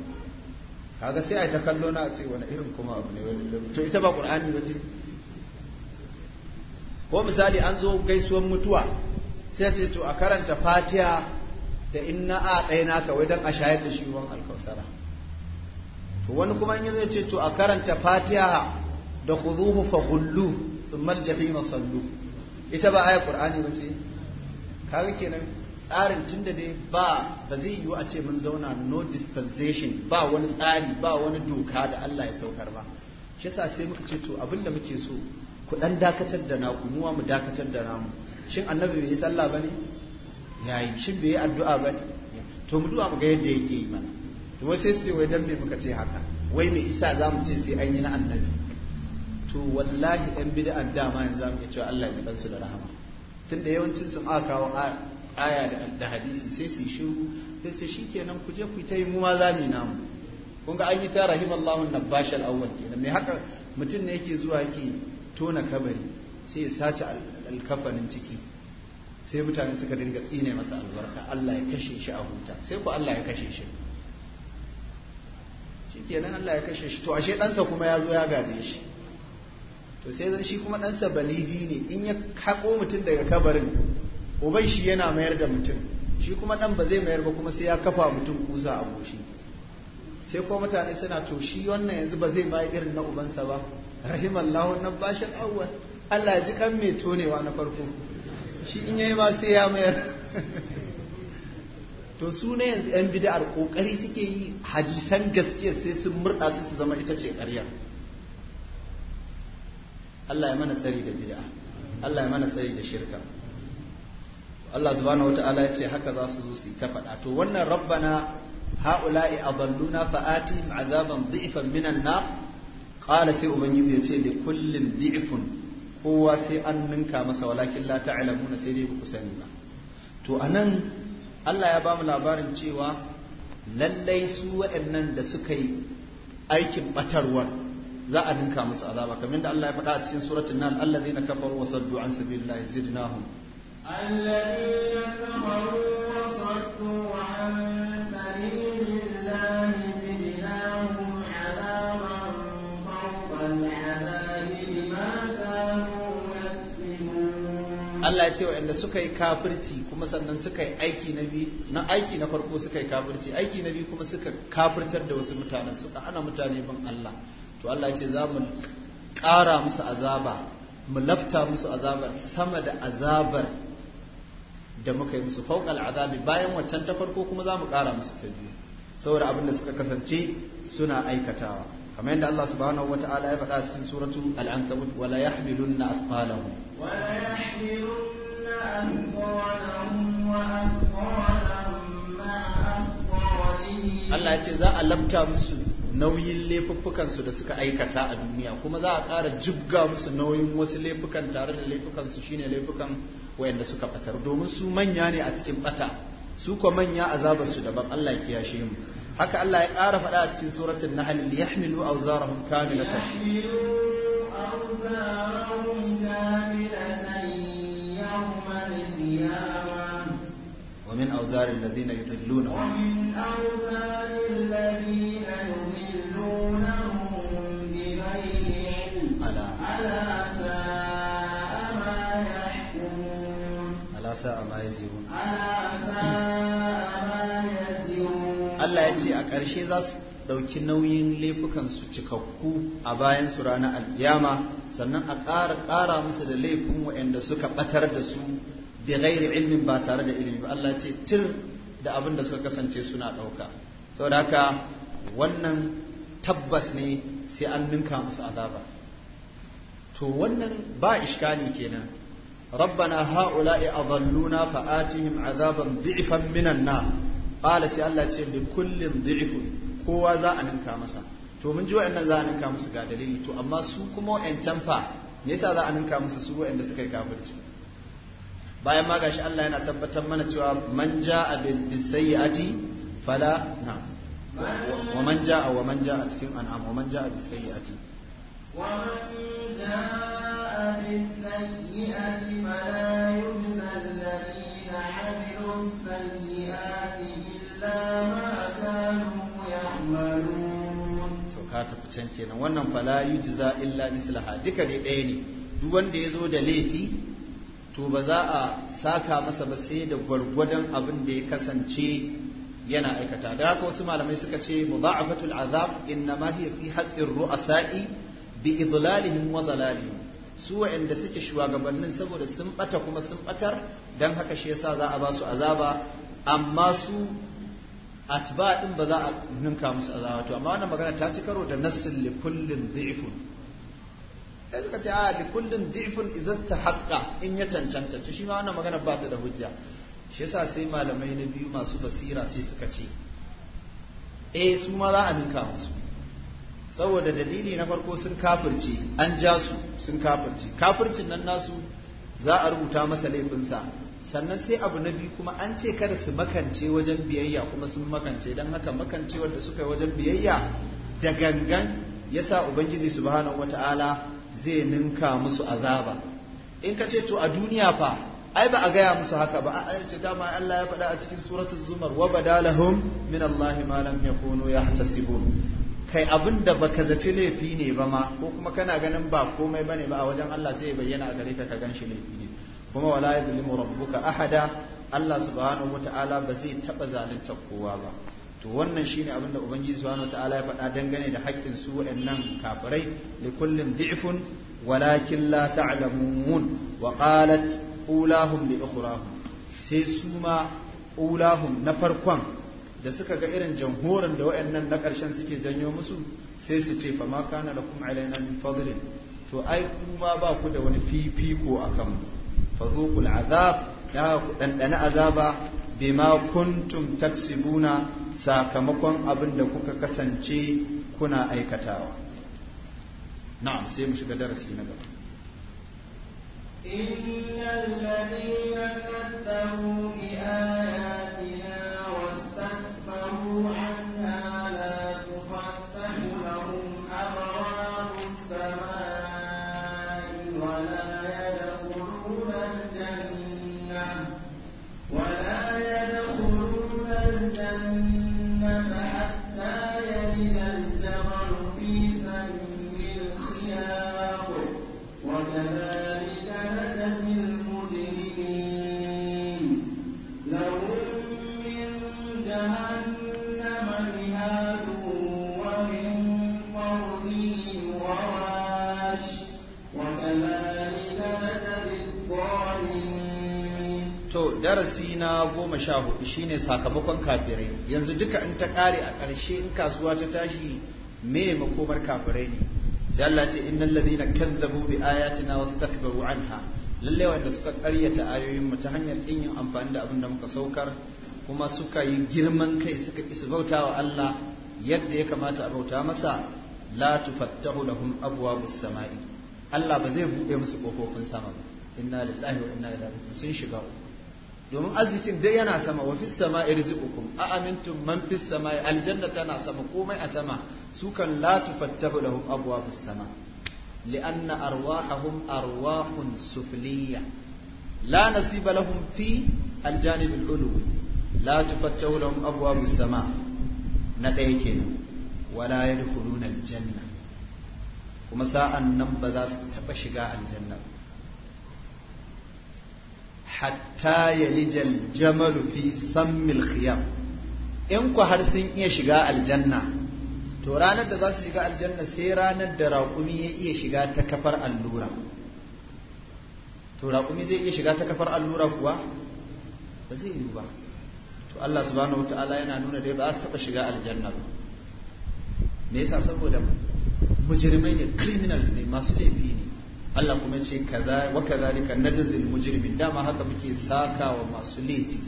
kaga sai ai ta kallo na ce wani irin kuma abu ne wani wailul to ita ba qur'ani ba ce ko misali an zo gaisuwan mutuwa sai ce to a karanta fatiha da inna a ɗaya naka wai don a shayar da shi ruwan alkausara wani kuma in zai ce to a karanta fatiha da khuduhu fa qullu thumma marja jahima sallu ita ba aya qur'ani ba ce kaga kenan tsarin tunda dai ba ba zai yiwu a ce mun zauna no dispensation ba wani tsari ba wani doka da Allah ya saukar ba shi yasa sai muka ce to abin da muke so ku dan dakatar da na ku muwa mu dakatar da namu shin annabi bai yi sallah bane yayi shin bai yi addu'a bane to mu du'a mu ga yadda yake yi mana to wai sai su ce wai dan me muka ce haka wai me isa za mu ce sai an yi na annabi to wallahi ɗan bid'an dama yanzu za mu iya cewa Allah ya kansu da rahama tunda yawancin sun aka kawo aya da hadisi sai su shiru sai ce shikenan ku je ku ta yi mu ma za mu namu kun ga an yi ta na bashal awwal kenan me haka mutum ne yake zuwa yake tona kabari sai ya sace alkafanin ciki sai mutane suka dinga tsine masa albarka Allah ya kashe shi a huta sai ku Allah ya kashe shi shikenan Allah ya kashe shi to ashe ɗansa kuma ya zo ya gaje shi to sai zan shi kuma ɗansa balidi ne in ya haƙo mutum daga kabarin uban shi yana mayar da mutum shi kuma ɗan ba zai mayar ba kuma sai ya kafa mutum kusa a goshi sai kuma mutane suna to shi wannan yanzu ba zai ma irin na ubansa ba rahimallahu nan bashin awwal Allah ya ji kan mai tonewa na farko shi in yayi ma sai ya mayar to su ne yanzu yan bida'ar kokari suke yi hadisan gaskiya sai sun murda su zama ita ce ƙarya Allah ya mana tsari da bid'a Allah ya mana tsari da shirka Allah subhanahu wataala ya ce haka za su zo su ta faɗa to wannan rabbana ha'ula'i adalluna fa'atihim azaban dhi'fan minan na qala sai ubangiji ya ce li kullin dhi'fun kowa sai an ninka masa walakin la ta'lamuna sai dai ku sani ba to anan Allah ya ba mu labarin cewa lallai su waɗannan da suka yi aikin ɓatarwar za a ninka musu azaba kamar da Allah ya faɗa a cikin suratul nan allazina kafaru wa saddu an sabilillahi zidnahum allazina kafaru wa saddu an Allah ya ce waɗanda suka yi kafirci kuma sannan suka yi aiki na biyu na aiki na farko suka yi kafirci aiki na biyu kuma suka kafirtar da wasu mutanen suka hana mutane bin Allah to Allah ya ce za mu ƙara musu azaba mu lafta musu azabar sama da azabar da muka yi musu fauƙal azabi bayan waccan ta farko kuma za mu ƙara musu ta biyu saboda abin da suka kasance suna aikatawa kamar yadda Allah subhanahu wata'ala ya faɗa cikin suratu al-ankabut wala yahmilunna athqalahum wala yahmilunna athqalahum Allah ya ce za a labta musu nauyin laifuffukansu da suka aikata a duniya kuma za a ƙara jibga musu nauyin wasu laifukan tare da laifukansu shine laifukan wayanda suka fatar domin su manya ne a cikin bata su kuwa manya azabar su daban Allah ya kiyashe mu haka الله يعرف ƙara faɗa a cikin suratul nahl li yahmilu awzarahum ومن أوزار الذين يضلونهم ومن أوزار الذين يضلونهم بغير علم ألا ساء ما يحكمون ألا ساء ما يزرون ألا ساء Allah ya ce a ƙarshe za su ɗauki nauyin laifukansu cikakku a bayan su ranar alƙiyama sannan a ƙara ƙara musu da laifin waɗanda suka ɓatar da su bi gairi ilmin ba tare da ilimi ba Allah ce tir da abin da suka kasance suna ɗauka saboda haka wannan tabbas ne sai an ninka musu azaba to wannan ba ne kenan ربنا هؤلاء أضلونا فآتهم عذابا ضعفا من النار qala sai Allah ce bi kullin dhi'fun kowa za a ninka masa to mun ji wa'annan za a ninka musu ga dalili to amma su kuma wa'ancan canfa me yasa za a ninka musu su wa'anda suka yi kafirci bayan ma gashi Allah yana tabbatar mana cewa man ja'a bil sayyi'ati fala na wa man ja'a wa man ja'a cikin an'am wa man ja'a bis sayyi'ati wa man ja'a bis sayyi'ati fala yujza alladhina 'amilu sayyi'ati ka tafi can kenan wannan fala yujza illa mislaha duka dai ɗaya ne duk wanda ya zo da laifi to ba za a saka masa ba sai da gwargwadon abin da ya kasance yana aikata da haka wasu malamai suka ce mudha'afatul azab innama hiya fi haqqir ru'asa'i bi idlalihim wa su wa'anda suke shugabannin saboda sun ɓata kuma sun ɓatar, dan haka shi yasa za a ba su azaba amma su atba din ba za a ninka musu azaba to amma wannan magana ta ci karo da nassin li kullin dhi'fun sai suka ce a li kullin dhi'fun idza tahaqqa in ya cancanta to shi ma wannan magana ba ta da hujja shi yasa sai malamai na biyu masu basira sai suka ce eh su ma za a ninka musu saboda dalili na farko sun kafirci an ja su sun kafirci kafircin nan nasu za a rubuta masa laifinsa sannan sai abu na biyu kuma an ce kada su makance wajen biyayya kuma sun makance don haka makancewar da suka yi wajen biyayya da gangan ya sa ubangiji su subhanahu wata'ala zai ninka musu azaba in ka ce to a duniya fa ai ba a gaya musu haka ba a ce dama Allah ya faɗa a cikin suratul zumar wa badalahum min Allah ma lam yakunu yahtasibun kai abin da baka zaci laifi ne ba ma ko kuma kana ganin ba komai bane ba a wajen Allah sai bayyana a gare ka ka gan shi laifi ne kuma wala yadhlimu rabbuka ahada Allah subhanahu wata'ala ba zai taba zalunta kowa ba to wannan shine abin da ubangiji subhanahu wata'ala ya faɗa dangane da haƙƙin su waɗannan kafirai li kullin di'fun walakin la ta'lamun wa qalat ulahum li ukhrahum sai su ma ulahum na farkon da suka ga irin jamhurin da waɗannan na ƙarshen suke janyo musu sai su ce ma kana lakum alaina min fadlin to ai kuma ba ku da wani fifiko akan mu fadhuqul azab ya ku dandana azaba bima kuntum taksibuna sakamakon abin da kuka kasance kuna aikatawa na'am sai mu shiga darasi na gaba innal ladina kadzabu bi ayatina na goma sha hudu shine sakamakon kafirai yanzu duka in ta kare a ƙarshe in kasuwa ta tashi me makomar kafirai ne sai Allah ce innal ladhina kazzabu bi ayatina wastakbaru anha lalle wanda suka karyata ayoyin mu ta hanyar kin yin amfani da abin da muka saukar kuma suka yi girman kai suka ki bauta wa Allah yadda ya kamata a bauta masa la tufattahu lahum abwabus sama'i Allah ba zai buɗe musu kofofin sama ba inna lillahi wa inna ilaihi raji'un sun shiga domin arzikin dai yana sama wa fis sama irzuqukum a amintum man fis sama aljanna tana sama komai a sama su kan la tufattahu lahum abwabus sama li'anna arwahahum arwahun sufliya la nasiba lahum fi aljanib al'ulu la tufattahu lahum abwabus sama na ɗaya kenan wala yadkhuluna aljanna kuma sa'an nan ba za su taɓa shiga aljanna ba hatta Lijal jamalu fi sammil khiyam in ku har sun iya shiga aljanna to ranar da za su shiga aljanna sai ranar da raƙumi ya iya shiga ta kafar allura to raƙumi zai iya shiga ta kafar allura kuwa ba zai yi ba to Allah subhanahu wataala yana nuna dai ba za su taɓa shiga aljanna ba me yasa saboda mujrimai ne criminals ne masu laifi ne Allah kuma ce kaza wa kazalika najzil mujrimin dama haka muke wa masu laifi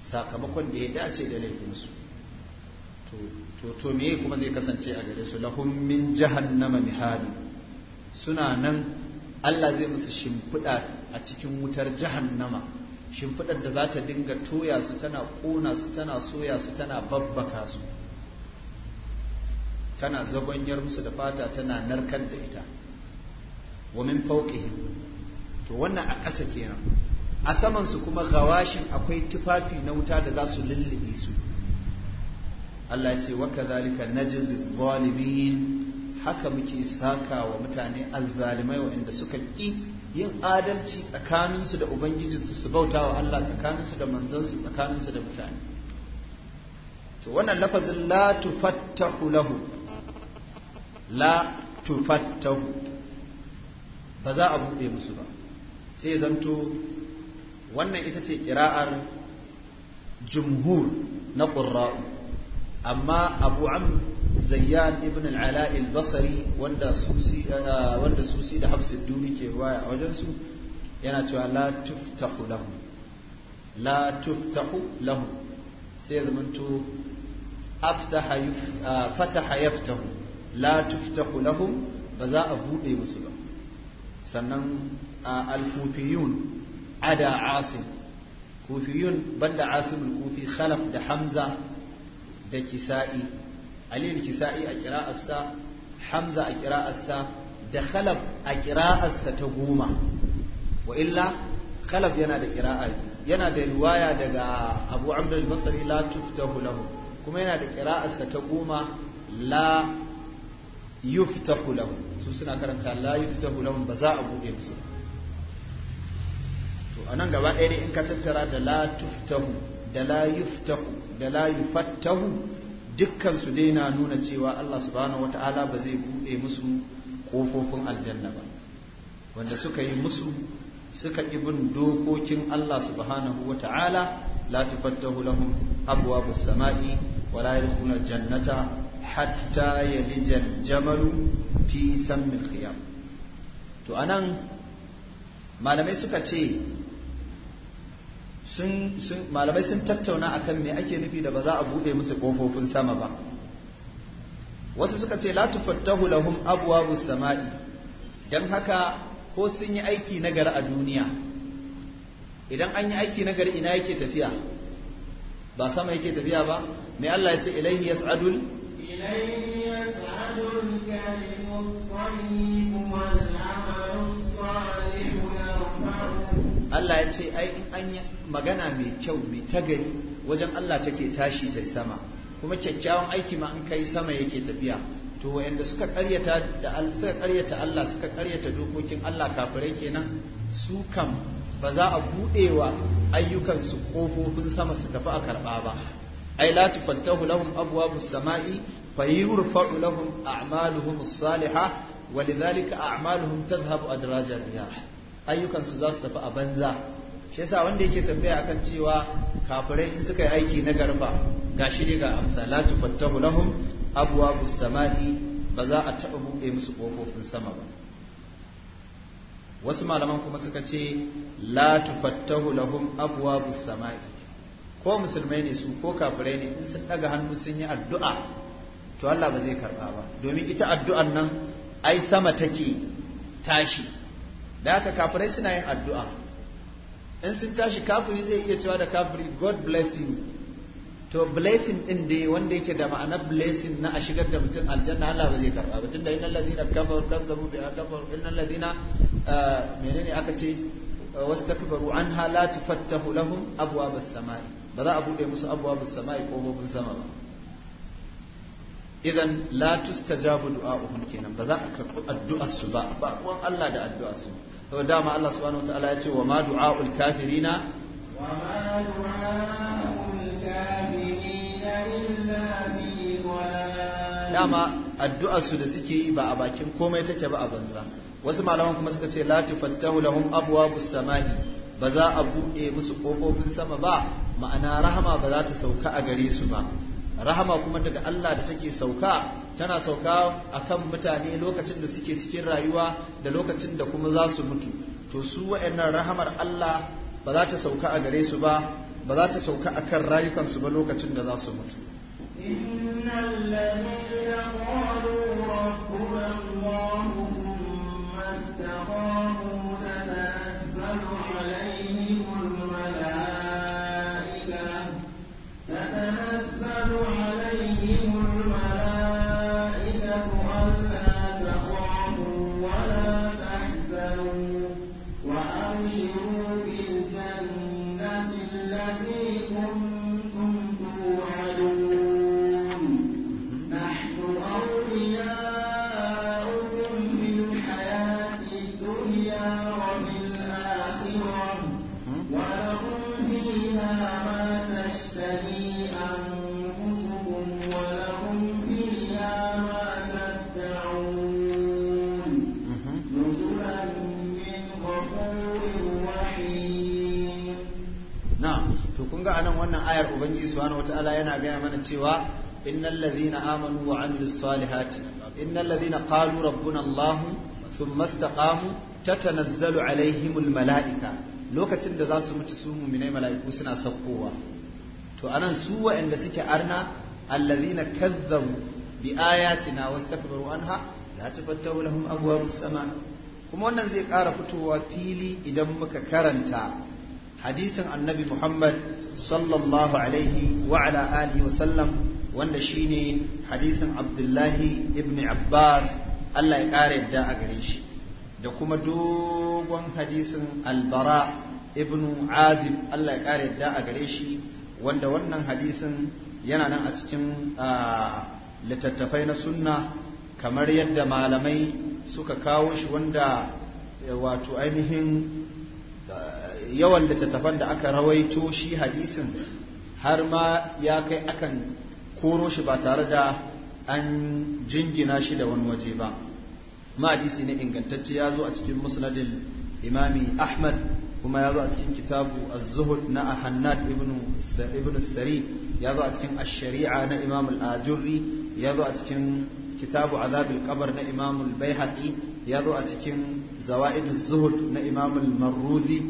sakamakon da ya dace da laifinsu to to me kuma zai kasance a gare su lahum min jahannama mihadu suna nan Allah zai musu shimfiɗa a cikin wutar jahannama shimfiɗar da za ta dinga toya su tana ƙona su tana soya su tana babbaka su tana zagonyar musu da fata tana narkar da ita wa min fawqihim to wannan a ƙasa kenan a saman su kuma rawashin akwai tufafi na wuta da za su lullube su Allah ce wa kadhalika najzi zalimin haka muke saka wa mutane azzalimai waɗanda suka ƙi yin adalci tsakaninsu da ubangijinsu su bauta wa Allah tsakaninsu da manzansu tsakaninsu da mutane to wannan lafazin la tufattahu lahu la tufattahu ba za a buɗe musu ba sai zanto wannan ita ce kira'ar jumhur na ƙurra'u amma abu am zayyan ibn al'ala al-basri wanda susi uh, da hafsid duni ke waya a wajensu su yana cewa la tuftahu lahum la tuftahu lahum sai ya zamanto aftaha uh, fataha yaftahu la tuftahu lahum ba za a buɗe musu ba sannan al-kufiyun ada asim kufiyun banda asim al-kufi khalaf da hamza da kisa'i ali kisai a qira'arsa hamza a qira'arsa da khalaf a qira'arsa ta goma wa illa khalaf yana da qira'a yana da riwaya daga abu amr al-basri la tuftahu lahu kuma yana da qira'arsa ta goma la yuftahu lahu su suna karanta la yuftahu lahum ba za a buɗe musu to a nan gaba ɗaya ne in ka tattara da la tuftahu da la yuftahu da la yufattahu dukkan su dai na nuna cewa Allah subhanahu wata'ala ba zai buɗe musu kofofin aljanna ba wanda suka yi musu suka bin dokokin Allah subhanahu wata'ala la tufattahu lahum abwabus sama'i wala yadkhuluna jannata hatta ya yalija jamalu fi sammin khiyam to anan malamai suka ce sun malamai sun tattauna akan me ake nufi da ba za a bude musu kofofin sama ba wasu suka ce la tufattahu lahum abwabus sama'i dan haka ko sun yi aiki nagari a duniya idan an yi aiki nagari ina yake tafiya ba sama yake tafiya ba mai Allah ya ce ilaihi yas'adul Allah ya ce ai in an magana mai kyau mai tagari wajen Allah take tashi ta sama kuma kyakkyawan aiki ma an kai sama yake tafiya to wayanda suka karyata da suka karyata Allah suka karyata dokokin Allah kafirai kenan su kam ba za a budewa ayyukan su kofofin sama su tafi a karba ba ai la tufattahu lahum abwabus sama'i فيرفع لهم أعمالهم الصالحة ولذلك أعمالهم تذهب أدراج الرياح ayyukan su za su tafi a banza shi yasa wanda yake tambaya kan cewa kafirai in suka yi aiki na garba ga shi ne ga amsa la tufattahu lahum samai ba za a taɓa buɗe musu ƙofofin sama ba wasu malaman kuma suka ce la tufattahu lahum abwabus samai ko musulmai ne su ko kafirai ne in su daga hannu sun yi addu'a to Allah ba zai karba ba domin ita addu'an nan ai sama take tashi da haka kafirai suna yin addu'a in sun tashi kafiri zai iya cewa da kafiri God bless you to blessing din dai wanda yake da ma'ana blessing na a shigar da mutum aljanna Allah ba zai karba ba tunda innal ladina kafaru kadzabu bi akfar innal ladina eh, menene aka ce eh, wastakbaru anha la tufattahu lahum abwabus samai ba za a bude musu abwabus samai kofofin sama ba idan la tustajabu du'a'uhum kenan ba za a karɓi addu'ar su ba ba kuwan Allah da addu'ar su dama Allah subhanahu wataala ya ce wa ma du'a'ul kafirina wa ma du'a'ul kafirina illa fi dama addu'ar su da suke yi ba a bakin komai take ba a banza wasu malaman kuma suka ce la tufattahu lahum abwaabus samahi, ba za a buɗe musu ƙofofin sama ba ma'ana rahama ba za ta sauka a gare su ba rahama kuma daga Allah da take sauka tana sauka akan mutane lokacin da suke cikin rayuwa da lokacin da kuma za su mutu to su wa'annan rahamar Allah ba za ta sauka a gare su ba ba za ta sauka akan rayukansu ba lokacin da za su mutu innal ladina rabbuna Allah subhanahu wataala yana gaya mana cewa innal ladhina amanu wa amilus salihati innal ladhina qalu rabbuna allah thumma istaqamu tatanazzalu alaihimul malaika lokacin da zasu mutu su muminai mala'iku suna sakkowa to anan su waɗanda suke arna allazina kazzabu bi ayatina wastakbaru anha la tufattahu lahum abwabus sama kuma wannan zai ƙara fitowa fili idan muka karanta hadisin annabi Muhammad sallallahu alaihi wa ala alihi wa sallam wanda shine hadisin Abdullahi ibn Abbas Allah ya ƙara yadda a gare shi da kuma dogon hadisin Albara ibn Azib Allah ya ƙara yadda a gare shi wanda wannan hadisin yana nan a cikin littattafai na sunna kamar yadda malamai suka kawo shi wanda wato ainihin yawan littattafan da aka rawaito shi hadisin har ma ya kai akan koro shi ba tare da an jingina shi da wani waje ba ma hadisi ne ingantacce ya zo a cikin musnadin imami ahmad kuma ya zo a cikin kitabu az-zuhud na ahannad ibn ibn sari ya zo a cikin ash-shari'a na imam al-ajurri ya zo a cikin kitabu azab al-qabr na imam al-baihaqi ya zo a cikin zawaid az-zuhud na imam al-marruzi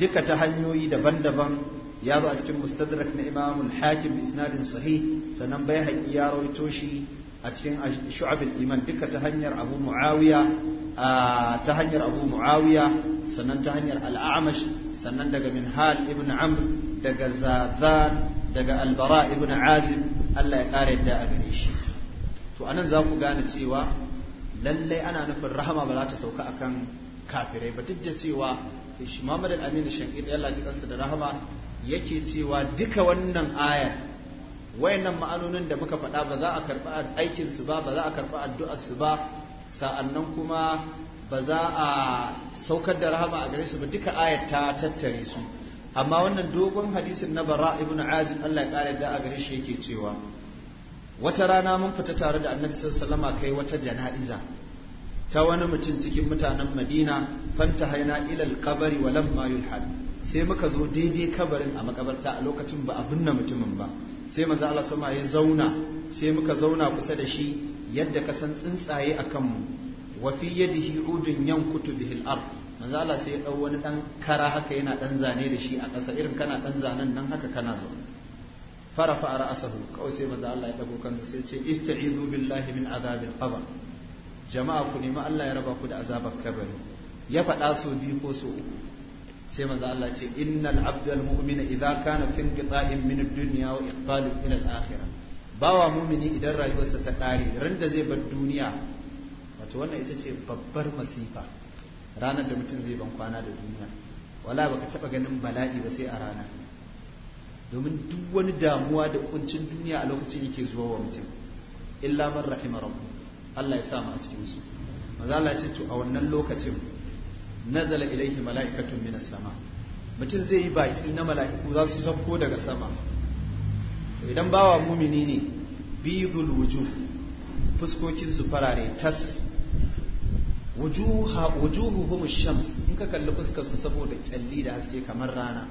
duka ta hanyoyi daban-daban ya zo a cikin mustadrak na imamul al-hakim isnadin sahih sanan bai haƙi ya rawaito shi a cikin shu'abul iman duka ta hanyar abu muawiya ta hanyar abu muawiya sannan ta hanyar al-a'mash sannan daga minhal ibn amr daga zadan daga al-bara ibn azim Allah ya kare da a gare shi to anan za ku gane cewa lallai ana nufin rahama ba za ta sauka akan kafirai ba duk da cewa shi mamar al-Amin Shankit Allah da rahama yake cewa duka wannan ayar wayannan ma'anonin da muka faɗa ba za a karɓi aikin ba ba za a karɓi addu'ar su ba sa'annan kuma ba za a saukar da rahama a gare su ba duka ayar ta tattare su amma wannan dogon hadisin na bara ibn Azim Allah ya kare da a gare shi yake cewa wata rana mun fita tare da annabi sallallahu alaihi wasallama kai wata jana'iza ta wani mutum cikin mutanen madina fanta haina ilal kabari wa lamma yulhad sai muka zo daidai kabarin a makabarta a lokacin ba a binne mutumin ba sai manzo Allah sama ya zauna sai muka zauna kusa da shi yadda ka san tsuntsaye a kanmu wa fi yadihi udun yankutu bihil ard manzo Allah sai ya dau wani dan kara haka yana dan zane da shi a ƙasa irin kana dan zanen nan haka kana fara farafa ra'asahu kawai sai manzo Allah ya dago kansa sai ya ce ista'izu billahi min azabil qabr jama'a ku nemi Allah ya raba ku da azabar kabari ya faɗa so biyu ko so uku sai manzo Allah ce innal abdal mu'mina idza kana fi inqita'in min ad-dunya wa iqbalu ila al-akhirah bawa mu'mini idan rayuwarsa ta kare ran da zai bar duniya wato wannan ita ce babbar masifa ranar da mutum zai ban kwana da duniya wala baka taba ganin bala'i ba sai a rana domin duk wani damuwa da kuncin duniya a lokacin yake zuwa wa mutum illa man rahima rabbu Allah ya sa mu a cikin su manzo Allah ce to a wannan lokacin nazala ilaihi mala'ikatun minas sama mutum zai yi baki na mala'iku za su sauko daga sama idan bawa mumini ne bidul wujuh fuskokin su farare tas wujuha wujuhuhum shams in ka kalli fuskar su saboda kyalli da haske kamar rana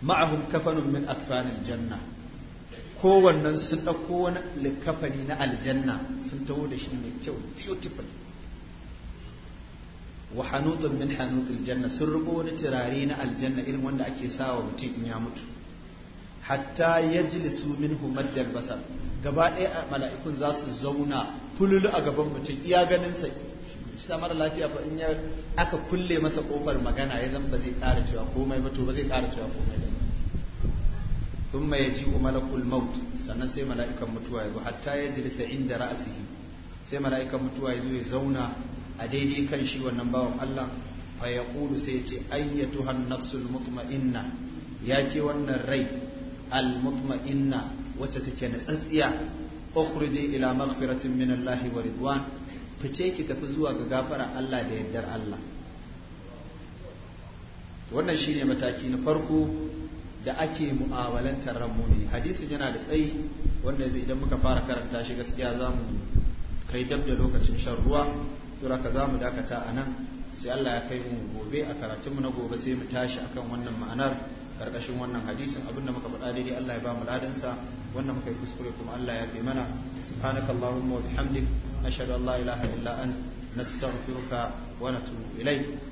ma'ahum kafanun min akfanil janna kowannen sun ɗauko wani likafani na aljanna sun taho da shi mai kyau beautiful wa hanutun min hanutul janna sun rubo wani turare na aljanna irin wanda ake sawa mutum in ya mutu hatta yajlisu minhu maddal basar gaba ɗaya mala'ikun za su zauna fululu a gaban mutum iya ganin sa shi mara lafiya fa in aka kulle masa kofar magana ya zan ba zai ƙara cewa komai ba to ba zai ƙara cewa komai ba thumma yaji'u malakul maut sannan sai mala'ikan mutuwa yazo hatta yajlisa da ra'sihi sai mala'ikan mutuwa yazo ya zauna a daidai kan shi wannan bawan Allah fa yaqulu sai ce ayyatuhan nafsul mutma'inna ya ke wannan rai al mutma'inna wacce take natsatsiya ukhruji ila maghfiratin min Allah wa ridwan fice ki tafi zuwa ga gafara Allah da yardar Allah wannan shine mataki na farko da ake mu'amalantar ranmu ne hadisin yana da tsayi wanda yanzu idan muka fara karanta shi gaskiya za mu kai dab da lokacin shan ruwa saboda ka za mu dakata a nan sai Allah ya kai mu gobe a karatunmu na gobe sai mu tashi akan wannan ma'anar karkashin wannan hadisin da muka faɗa daidai Allah ya ba mu sa wannan muka yi kuskure kuma Allah ya fi mana subhanakallahumma wa bihamdik nashhadu an la ilaha illa anta nastaghfiruka wa natubu ilayk